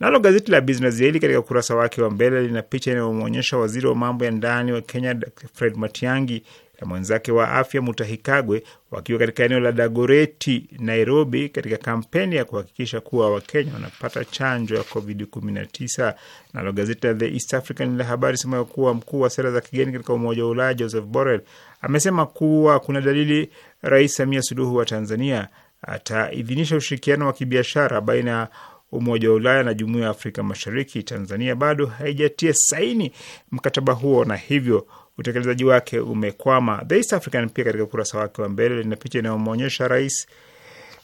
Nalo gazeti la Business Daily katika ukurasa wake wa mbele lina picha inayomwonyesha waziri wa mambo ya ndani wa Kenya Fred Matiang'i na mwenzake wa afya Mutahi Kagwe wakiwa katika eneo la Dagoreti, Nairobi, katika kampeni ya kuhakikisha kuwa Wakenya wanapata chanjo ya COVID-19. Nalo gazeti la The East African la habari semayo kuwa mkuu wa sera za kigeni katika Umoja wa Ulaya Joseph Borrell amesema kuwa kuna dalili Rais Samia Suluhu wa Tanzania ataidhinisha ushirikiano wa kibiashara baina ya Umoja wa Ulaya na Jumuiya ya Afrika Mashariki. Tanzania bado haijatia saini mkataba huo na hivyo utekelezaji wake umekwama. The East African pia katika ukurasa wake wa mbele lina picha inayomwonyesha rais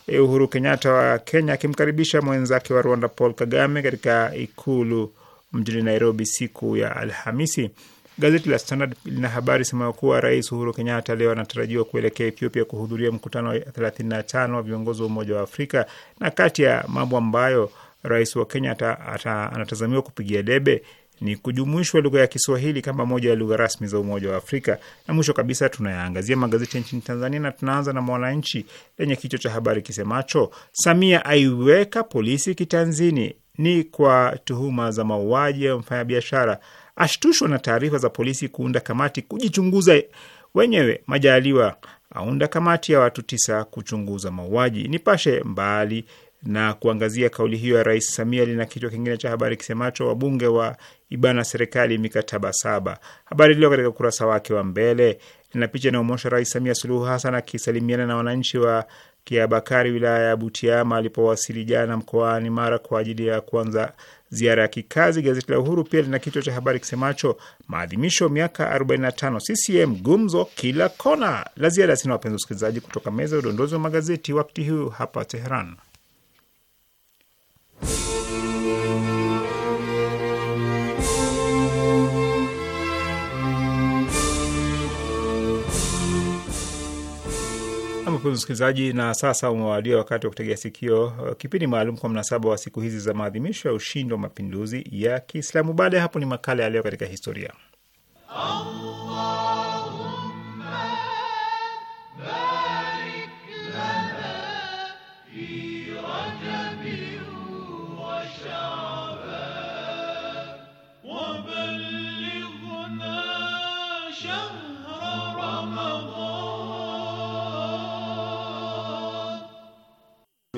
eh, Uhuru Kenyatta wa Kenya akimkaribisha mwenzake wa Rwanda Paul Kagame katika ikulu mjini Nairobi siku ya Alhamisi. Gazeti la Standard lina habari sema kuwa rais Uhuru Kenyatta leo anatarajiwa kuelekea Ethiopia kuhudhuria mkutano wa 35 wa viongozi wa Umoja wa Afrika, na kati ya mambo ambayo rais wa Kenya anatazamiwa kupigia debe ni kujumuishwa lugha ya Kiswahili kama moja ya lugha rasmi za Umoja wa Afrika. Na mwisho kabisa, tunayaangazia magazeti nchini Tanzania na tunaanza na Mwananchi lenye kichwa cha habari kisemacho Samia aiweka polisi kitanzini, ni kwa tuhuma za mauaji ya mfanyabiashara, ashtushwa na taarifa za polisi kuunda kamati kujichunguza wenyewe. Majaliwa aunda kamati ya watu tisa kuchunguza mauaji. Nipashe mbali na kuangazia kauli hiyo ya Rais Samia lina kichwa kingine cha habari kisemacho wabunge wa ibana serikali mikataba saba. Habari iliyo katika ukurasa wake wa mbele lina picha inayomwonyesha Rais Samia Suluhu Hasan akisalimiana na wananchi wa Kiabakari, wilaya ya Butiama, alipowasili jana mkoani Mara kwa ajili ya kuanza ziara ya kikazi. Gazeti la Uhuru pia lina kichwa cha habari kisemacho maadhimisho miaka 45 CCM gumzo kila kona. La ziada sina, wapenzi wasikilizaji, kutoka meza ya udondozi wa magazeti wakati huu hapa Teheran. mpenzi msikilizaji, na sasa umewadia wakati wa kutegea sikio uh, kipindi maalum kwa mnasaba wa siku hizi za maadhimisho ya ushindi wa mapinduzi ya Kiislamu. Baada ya hapo ni makala ya leo katika historia.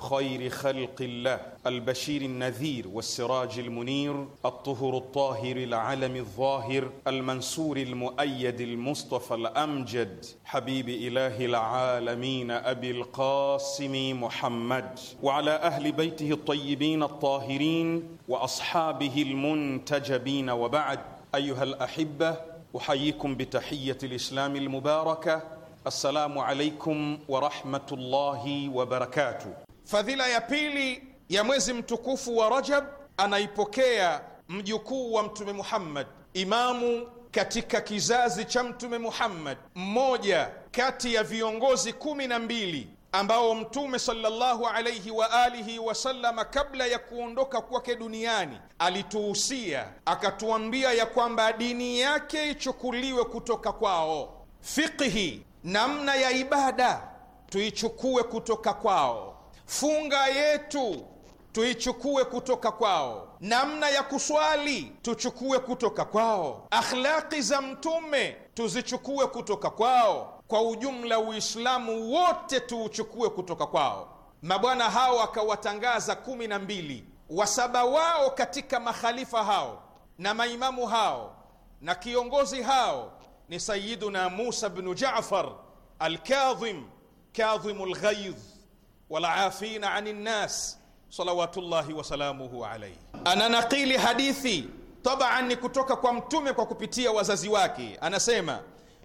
خير خلق الله البشير النذير والسراج المنير الطهر الطاهر العلم الظاهر المنصور المؤيد المصطفى الأمجد حبيب إله العالمين أبي القاسم محمد وعلى أهل بيته الطيبين الطاهرين وأصحابه المنتجبين وبعد أيها الأحبة أحييكم بتحية الإسلام المباركة السلام عليكم ورحمه الله وبركاته Fadhila ya pili ya mwezi mtukufu wa Rajab anaipokea mjukuu wa Mtume Muhammad, imamu katika kizazi cha Mtume Muhammad, mmoja kati ya viongozi kumi na mbili ambao Mtume sallallahu alaihi wa alihi wasallama kabla ya kuondoka kwake duniani alituhusia akatuambia ya kwamba dini yake ichukuliwe kutoka kwao, fikhi, namna ya ibada tuichukue kutoka kwao funga yetu tuichukue kutoka kwao, namna ya kuswali tuchukue kutoka kwao, akhlaqi za Mtume tuzichukue kutoka kwao. Kwa ujumla, Uislamu wote tuuchukue kutoka kwao. Mabwana hao akawatangaza kumi na mbili, wasaba wao katika makhalifa hao na maimamu hao na kiongozi hao ni Sayiduna Musa bnu Jafar Alkadhim, kadhimu lghaidh walafina ani nnas salawatullahi wasalamuhu alaihi. Ananakili hadithi taban ni kutoka kwa Mtume kwa kupitia wazazi wake, anasema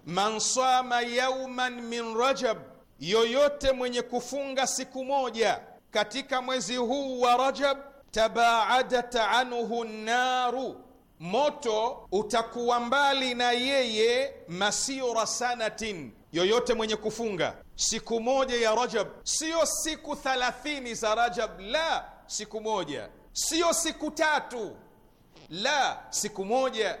man sama yauman min Rajab, yoyote mwenye kufunga siku moja katika mwezi huu wa Rajab, tabaadat anhu naru moto utakuwa mbali na yeye, masira sanatin, yoyote mwenye kufunga siku moja ya Rajab, siyo siku 30 za Rajab, la siku moja, siyo siku tatu, la siku moja,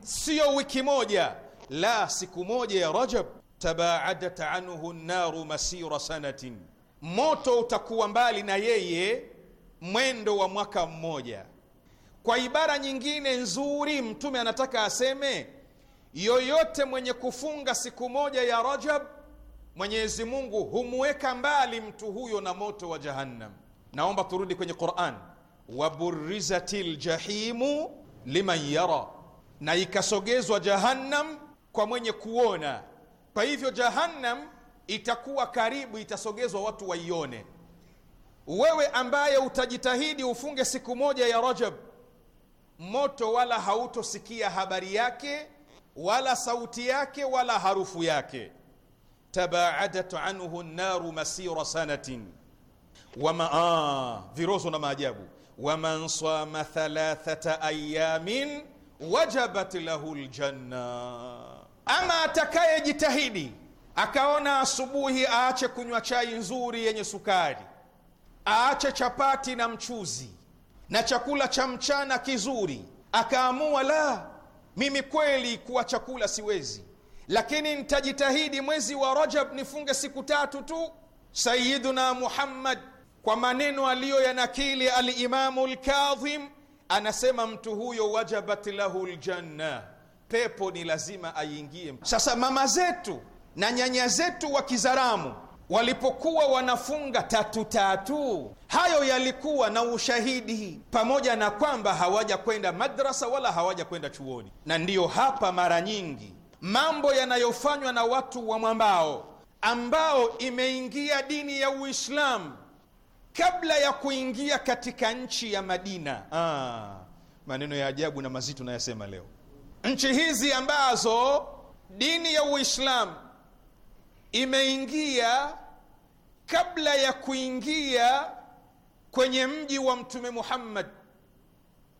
siyo wiki moja, la siku moja ya Rajab. Tabaadat anhu an-naru masira sanatin, moto utakuwa mbali na yeye mwendo wa mwaka mmoja. Kwa ibara nyingine nzuri, Mtume anataka aseme yoyote mwenye kufunga siku moja ya Rajab Mwenyezi Mungu humweka mbali mtu huyo na moto wa Jahannam. Naomba turudi kwenye Qur'an, waburizatil jahimu liman yara, na ikasogezwa Jahannam kwa mwenye kuona. Kwa hivyo Jahannam itakuwa karibu, itasogezwa watu waione. Wewe ambaye utajitahidi ufunge siku moja ya Rajab, moto wala hautosikia habari yake wala sauti yake wala harufu yake tabaadat anhu naru masira sanatin wama, aa, ah, virozo na maajabu waman sama thalathata ayamin wajabat lahu ljanna, ama atakaye jitahidi akaona asubuhi aache kunywa chai nzuri yenye sukari, aache chapati na mchuzi na chakula cha mchana kizuri, akaamua la, mimi kweli kuwa chakula siwezi lakini nitajitahidi mwezi wa Rajab nifunge siku tatu tu. sayiduna Muhammad kwa maneno aliyo yanakili Alimamu Lkadhim anasema mtu huyo wajabat lahu ljanna, pepo ni lazima aingie. Sasa mama zetu na nyanya zetu wa Kizaramu walipokuwa wanafunga tatu tatu, hayo yalikuwa na ushahidi, pamoja na kwamba hawaja kwenda madrasa wala hawaja kwenda chuoni, na ndiyo hapa mara nyingi mambo yanayofanywa na watu wa mwambao ambao imeingia dini ya Uislamu kabla ya kuingia katika nchi ya Madina. Ah, maneno ya ajabu na mazito nayasema leo. Nchi hizi ambazo dini ya Uislamu imeingia kabla ya kuingia kwenye mji wa Mtume Muhammad,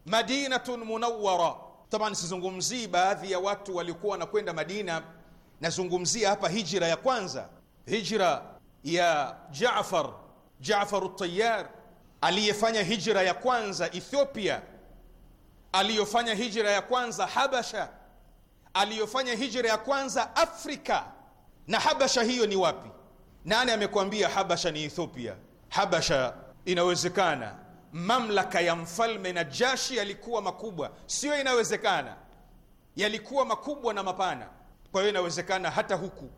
Madinatun Munawwara Taba, sizungumzii baadhi ya watu waliokuwa wanakwenda Madina, nazungumzia hapa hijra ya kwanza, hijra ya Jaafar Jaafar At-Tayyar aliyefanya hijra ya kwanza Ethiopia, aliyofanya hijra ya kwanza Habasha, aliyofanya hijra ya kwanza Afrika. Na Habasha hiyo ni wapi? Nani amekwambia Habasha ni Ethiopia? Habasha inawezekana mamlaka ya mfalme Najashi yalikuwa makubwa, sio inawezekana, yalikuwa makubwa na mapana. Kwa hiyo inawezekana hata huku,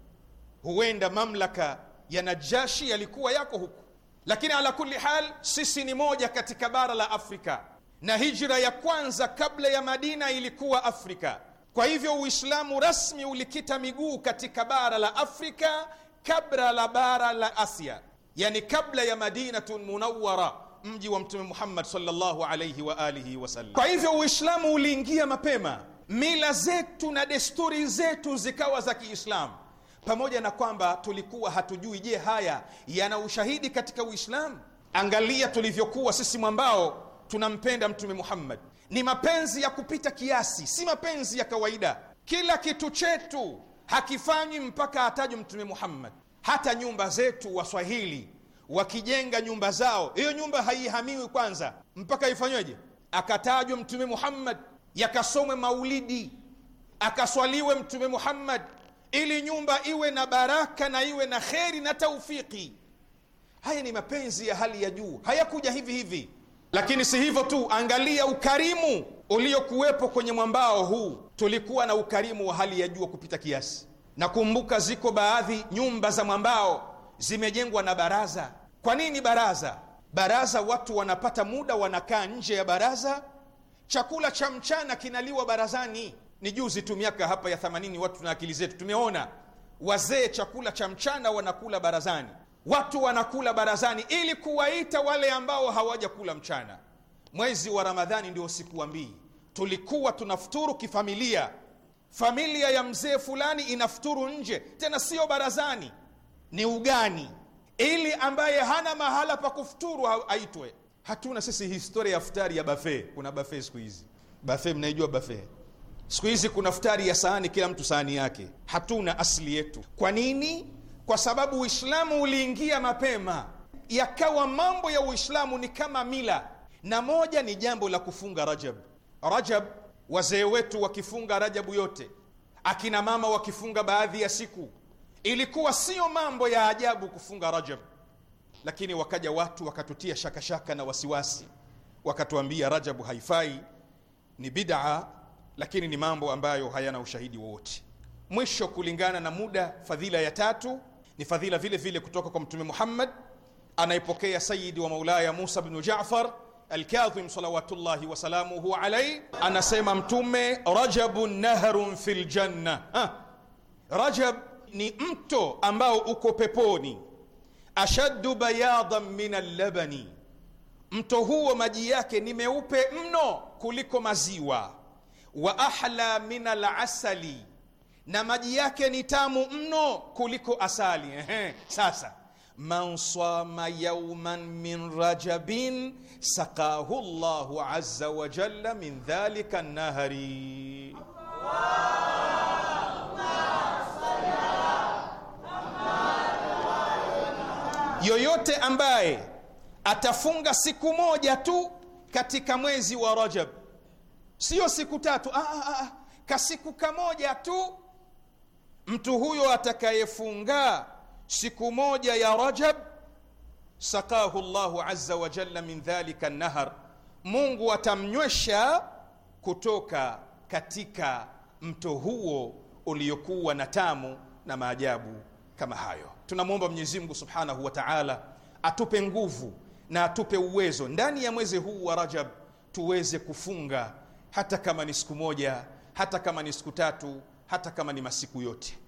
huenda mamlaka ya Najashi yalikuwa yako huku, lakini ala kulli hal, sisi ni moja katika bara la Afrika, na hijra ya kwanza kabla ya Madina ilikuwa Afrika. Kwa hivyo Uislamu rasmi ulikita miguu katika bara la Afrika kabla la bara la Asia, yani kabla ya Madinatun Munawwara mji wa Mtume Muhammad sallallahu alayhi wa alihi sallam. Kwa hivyo Uislamu uliingia mapema, mila zetu na desturi zetu zikawa za Kiislamu, pamoja na kwamba tulikuwa hatujui. Je, haya yana ushahidi katika Uislamu? Angalia tulivyokuwa sisi mwambao tunampenda Mtume Muhammad, ni mapenzi ya kupita kiasi, si mapenzi ya kawaida. Kila kitu chetu hakifanywi mpaka atajwe Mtume Muhammad. Hata nyumba zetu Waswahili wakijenga nyumba zao, hiyo nyumba haihamiwi kwanza mpaka ifanyweje? Akatajwe Mtume Muhammad, yakasomwe maulidi, akaswaliwe Mtume Muhammad, ili nyumba iwe na baraka na iwe na kheri na taufiki. Haya ni mapenzi ya hali ya juu, hayakuja hivi hivi. Lakini si hivyo tu, angalia ukarimu uliokuwepo kwenye mwambao huu. Tulikuwa na ukarimu wa hali ya juu kupita kiasi. Nakumbuka ziko baadhi nyumba za mwambao zimejengwa na baraza, kwa nini baraza? Baraza watu wanapata muda, wanakaa nje ya baraza, chakula cha mchana kinaliwa barazani. Ni juzi tu miaka hapa ya themanini, watu na akili zetu tumeona wazee chakula cha mchana wanakula barazani, watu wanakula barazani ili kuwaita wale ambao hawajakula mchana. Mwezi wa Ramadhani ndio siku mbili tulikuwa tunafuturu kifamilia. Familia ya mzee fulani inafuturu nje, tena sio barazani, ni ugani ili ambaye hana mahala pa kufuturu aitwe. Hatuna sisi historia ya futari ya bafe. Kuna bafe siku hizi, bafe mnaijua bafe siku hizi kuna futari ya sahani, kila mtu sahani yake. Hatuna asili yetu. Kwa nini? Kwa sababu Uislamu uliingia mapema, yakawa mambo ya Uislamu ni kama mila, na moja ni jambo la kufunga Rajab. Rajab, wazee wetu wakifunga Rajabu yote, akina mama wakifunga baadhi ya siku Ilikuwa siyo mambo ya ajabu kufunga Rajab, lakini wakaja watu wakatutia shaka shaka na wasiwasi, wakatuambia Rajabu haifai, ni bid'a, lakini ni mambo ambayo hayana ushahidi wowote. Mwisho, kulingana na muda, fadhila ya tatu ni fadhila vile vile kutoka kwa Mtume Muhammad, anayepokea Sayyidi wa Maulaya Musa bnu Jafar Alkadhim salawatullahi wasalamuhu alaihi, anasema Mtume, Rajabu nahrun fil janna. Ah, Rajab ni mto ambao uko peponi, ashaddu bayadan min allabani, mto huo maji yake ni meupe mno kuliko maziwa. Wa ahla min alasali, na maji yake ni tamu mno kuliko asali. Ehe, sasa man sama yauman min rajabin sakahu llahu azza wa jalla min dhalika nahari. Allah yoyote ambaye atafunga siku moja tu katika mwezi wa Rajab, sio siku tatu, ah, ah, ah, ah. kasiku kamoja tu. Mtu huyo atakayefunga siku moja ya Rajab, sakahu Llahu azza wa jalla min dhalika nahar, Mungu atamnywesha kutoka katika mto huo uliokuwa na tamu na maajabu kama hayo tunamwomba Mwenyezi Mungu Subhanahu wa Ta'ala atupe nguvu na atupe uwezo ndani ya mwezi huu wa Rajab tuweze kufunga hata kama ni siku moja, hata kama ni siku tatu, hata kama ni masiku yote.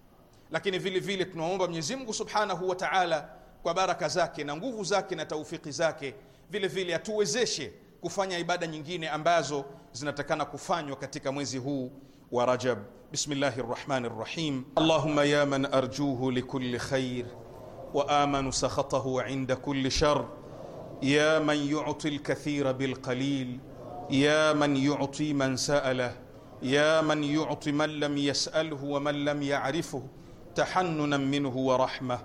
Lakini vile vile tunaomba Mwenyezi Mungu Subhanahu wa Ta'ala kwa baraka zake na nguvu zake na taufiki zake, vile vile atuwezeshe kufanya ibada nyingine ambazo zinatakana kufanywa katika mwezi huu ورجب بسم الله الرحمن الرحيم اللهم يا من أرجوه لكل خير وآمن سخطه عند كل شر يا من يعطي الكثير بالقليل يا من يعطي من سأله يا من يعطي من لم يسأله ومن لم يعرفه تحننا منه ورحمة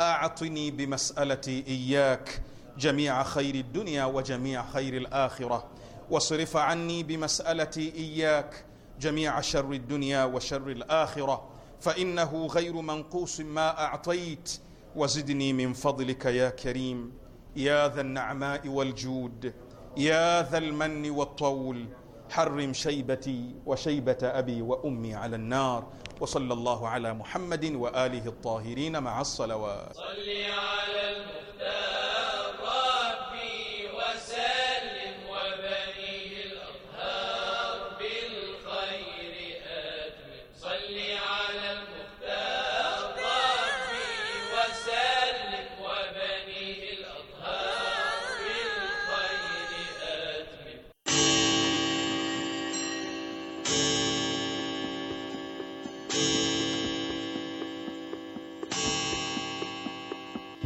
أعطني بمسألتي إياك جميع خير الدنيا وجميع خير الآخرة واصرف عني بمسألتي إياك جميع شر الدنيا وشر الاخره فانه غير منقوص ما اعطيت وزدني من فضلك يا كريم يا ذا النعماء والجود يا ذا المن والطول حرم شيبتي وشيبه ابي وامي على النار وصلى الله على محمد واله الطاهرين مع الصلوات صل على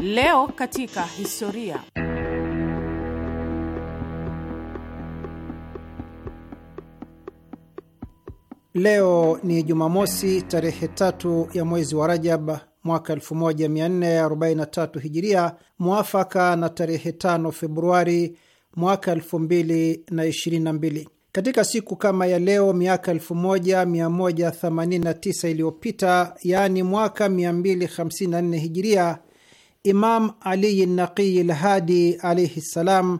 Leo katika historia. Leo ni Jumamosi tarehe tatu ya mwezi wa Rajab mwaka 1443 Hijiria, mwafaka na tarehe 5 Februari mwaka 2022. Katika siku kama ya leo miaka 1189 iliyopita, yaani mwaka 254 Hijiria, Imam Ali Naqiyi Lhadi alaihi ssalam,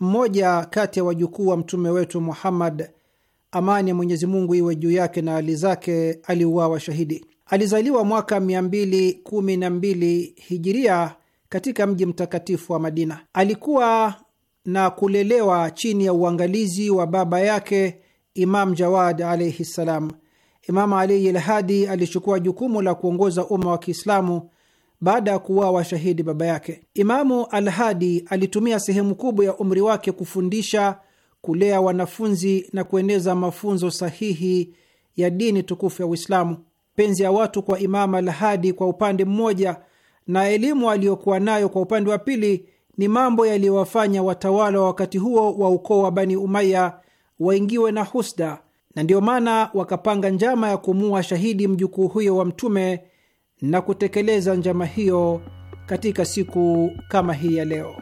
mmoja kati ya wajukuu wa mtume wetu Muhammad, amani ya Mwenyezi Mungu iwe juu yake na ali zake, aliuawa shahidi. Alizaliwa mwaka 212 hijiria katika mji mtakatifu wa Madina. Alikuwa na kulelewa chini ya uangalizi wa baba yake Imam Jawad alaihi ssalam. Imam Ali Lhadi alichukua jukumu la kuongoza umma wa Kiislamu baada ya kuwa shahidi baba yake. Imamu Alhadi alitumia sehemu kubwa ya umri wake kufundisha, kulea wanafunzi na kueneza mafunzo sahihi ya dini tukufu ya Uislamu. Penzi ya watu kwa Imamu Alhadi kwa upande mmoja na elimu aliyokuwa nayo kwa upande wa pili ni mambo yaliyowafanya watawala wa wakati huo wa ukoo wa Bani Umaya waingiwe na husda, na ndiyo maana wakapanga njama ya kumuua shahidi mjukuu huyo wa Mtume na kutekeleza njama hiyo katika siku kama hii ya leo.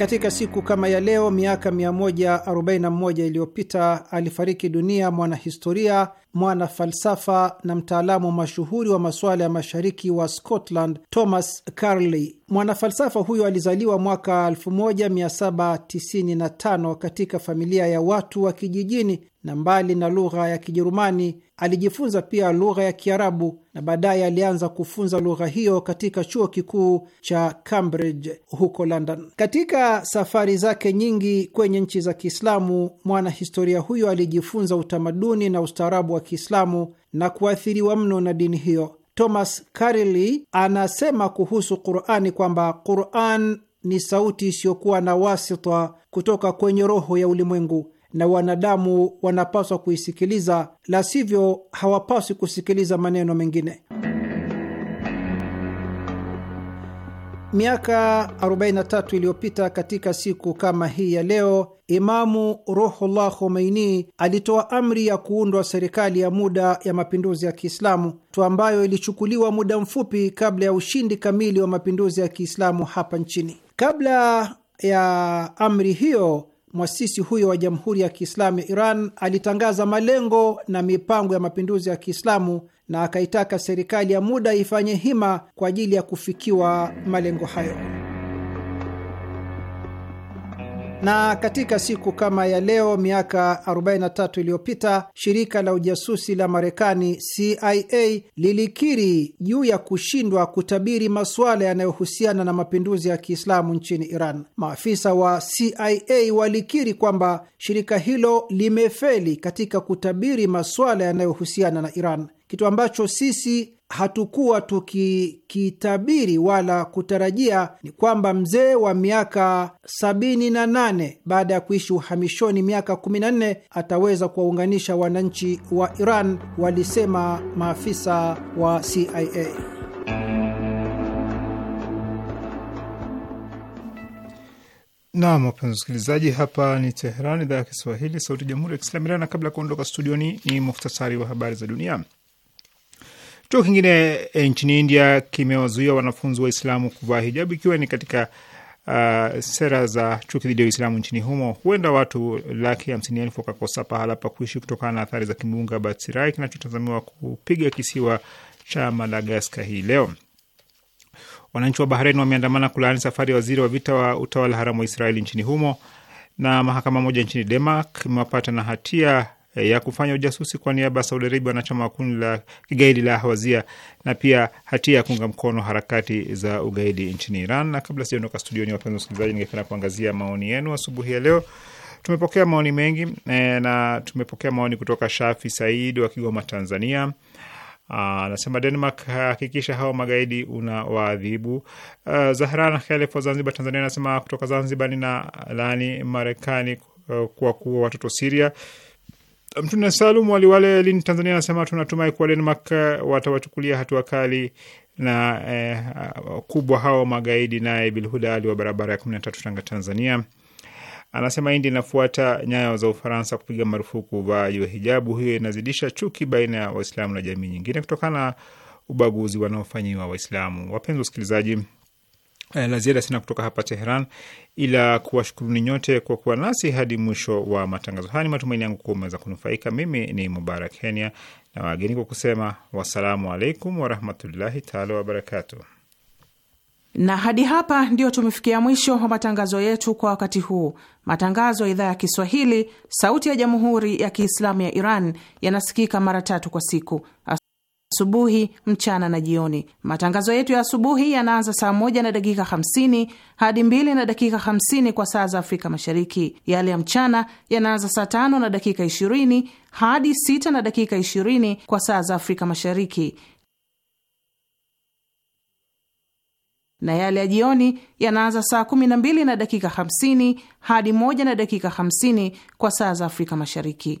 Katika siku kama ya leo miaka 141 iliyopita alifariki dunia mwanahistoria, mwana falsafa na mtaalamu mashuhuri wa masuala ya mashariki wa Scotland, Thomas Carlyle. Mwanafalsafa huyo alizaliwa mwaka 1795 katika familia ya watu wa kijijini, na mbali na lugha ya Kijerumani Alijifunza pia lugha ya Kiarabu na baadaye alianza kufunza lugha hiyo katika chuo kikuu cha Cambridge huko London. Katika safari zake nyingi kwenye nchi za Kiislamu, mwanahistoria huyo alijifunza utamaduni na ustaarabu wa Kiislamu na kuathiriwa mno na dini hiyo. Thomas Carlyle anasema kuhusu Qur'ani kwamba Qur'an ni sauti isiyokuwa na wasita kutoka kwenye roho ya ulimwengu na wanadamu wanapaswa kuisikiliza, la sivyo hawapaswi kusikiliza maneno mengine. Miaka 43 iliyopita katika siku kama hii ya leo, Imamu Ruhullah Khomeini alitoa amri ya kuundwa serikali ya muda ya mapinduzi ya Kiislamu, tu ambayo ilichukuliwa muda mfupi kabla ya ushindi kamili wa mapinduzi ya Kiislamu hapa nchini. Kabla ya amri hiyo mwasisi huyo wa Jamhuri ya Kiislamu ya Iran alitangaza malengo na mipango ya mapinduzi ya Kiislamu na akaitaka serikali ya muda ifanye hima kwa ajili ya kufikiwa malengo hayo. Na katika siku kama ya leo miaka 43 iliyopita shirika la ujasusi la Marekani CIA lilikiri juu ya kushindwa kutabiri masuala yanayohusiana na mapinduzi ya Kiislamu nchini Iran. Maafisa wa CIA walikiri kwamba shirika hilo limefeli katika kutabiri masuala yanayohusiana na Iran, kitu ambacho sisi hatukuwa tukikitabiri wala kutarajia ni kwamba mzee wa miaka sabini na nane baada ya kuishi uhamishoni miaka kumi na nne ataweza kuwaunganisha wananchi wa Iran, walisema maafisa wa CIA. nam wapenzi wasikilizaji, hapa ni Teheran, idhaa ya Kiswahili, sauti ya jamhuri ya kiislamu Iran. Na kabla ya kuondoka studioni, ni muhtasari wa habari za dunia. Kituo kingine eh, nchini India kimewazuia wanafunzi Waislamu kuvaa hijabu ikiwa ni katika uh, sera za chuki dhidi ya Uislamu nchini humo. Huenda watu laki hamsini elfu wakakosa pahala pa kuishi kutokana na athari za kimbunga Batsirai kinachotazamiwa kupiga kisiwa cha Madagaskar hii leo. Wananchi wa Bahrain wameandamana kulaani safari ya waziri wa vita wa utawala haramu wa Israeli nchini humo, na mahakama moja nchini Denmark imewapata na hatia Eh, ya kufanya ujasusi kwa niaba ya Saudi Arabia, wanachama wa kundi la kigaidi la Hawazia, na pia hatia ya kuunga mkono harakati za ugaidi nchini Iran. Na kabla sijaondoka studioni, wapenzi wasikilizaji, ningependa kuangazia maoni yenu asubuhi ya leo. Tumepokea maoni mengi e, na tumepokea maoni kutoka Shafi Said wa Kigoma, Tanzania. Ah, anasema Denmark, hakikisha hao magaidi una waadhibu. Eh, Zahran Khalef wa Zanzibar, Tanzania, anasema kutoka Zanzibar, nina laani Marekani kwa kuwa watoto Siria Mtune Salum waliwale lini Tanzania anasema tunatumai kuwa Denmark eh, watawachukulia hatua kali na eh, kubwa hao magaidi. Naye Bilhuda Ali wa barabara ya kumi na tatu Tanga, Tanzania anasema India inafuata nyayo za Ufaransa kupiga marufuku uvaaji wa hijabu. Hiyo inazidisha chuki baina ya Waislamu na jamii nyingine kutokana na ubaguzi wanaofanyiwa Waislamu. Wapenzi wasikilizaji Eh, la ziada sina kutoka hapa Teheran ila kuwashukuruni nyote kwa kuwa nasi hadi mwisho wa matangazo haya. Ni matumaini yangu kuwa umeweza kunufaika. Mimi ni Mubarak Kenya na wageni kwa kusema wassalamu alaikum warahmatullahi taala wabarakatu. Na hadi hapa ndiyo tumefikia mwisho wa matangazo yetu kwa wakati huu. Matangazo ya idhaa ya Kiswahili sauti ya jamhuri ya Kiislamu ya Iran yanasikika mara tatu kwa siku asubuhi, mchana na jioni. Matangazo yetu ya asubuhi yanaanza saa moja na dakika hamsini hadi mbili na dakika hamsini kwa saa za Afrika Mashariki. Yale ya mchana yanaanza saa tano na dakika ishirini hadi sita na dakika ishirini kwa saa za Afrika Mashariki, na yale ya jioni yanaanza saa kumi na mbili na dakika hamsini hadi moja na dakika hamsini kwa saa za Afrika Mashariki.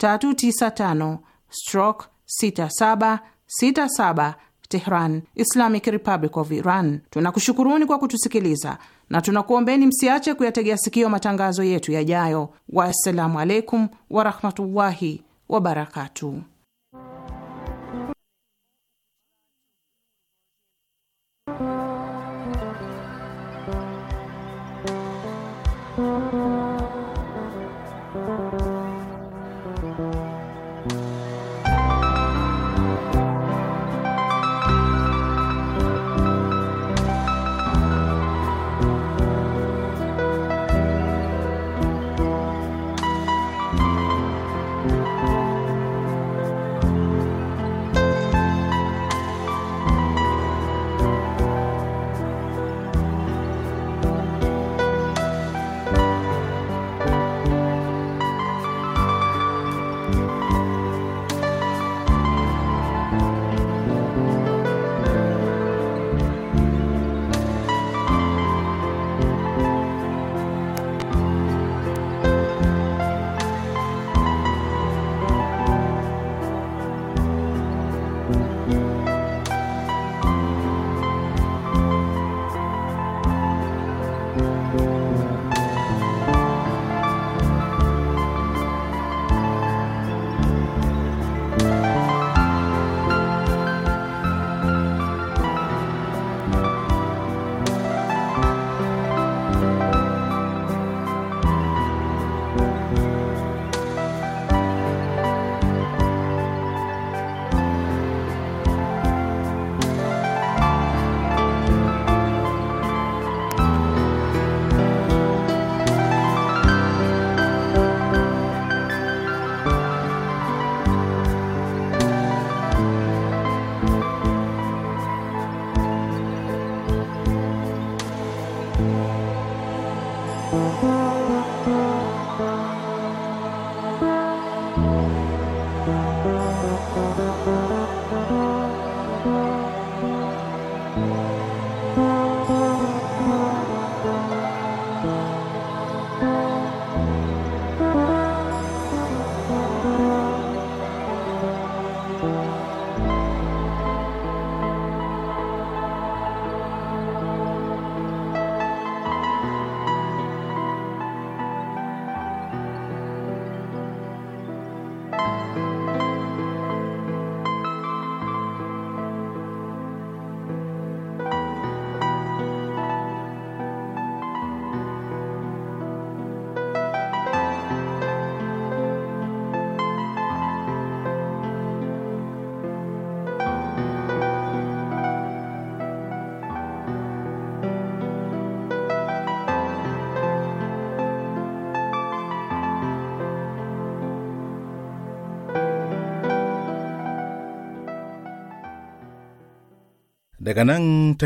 395 stroke 6767 Tehran, Islamic Republic of Iran. Tunakushukuruni kwa kutusikiliza na tunakuombeni msiache kuyategea sikio matangazo yetu yajayo. Wassalamu alaikum warahmatullahi wabarakatu. daga nan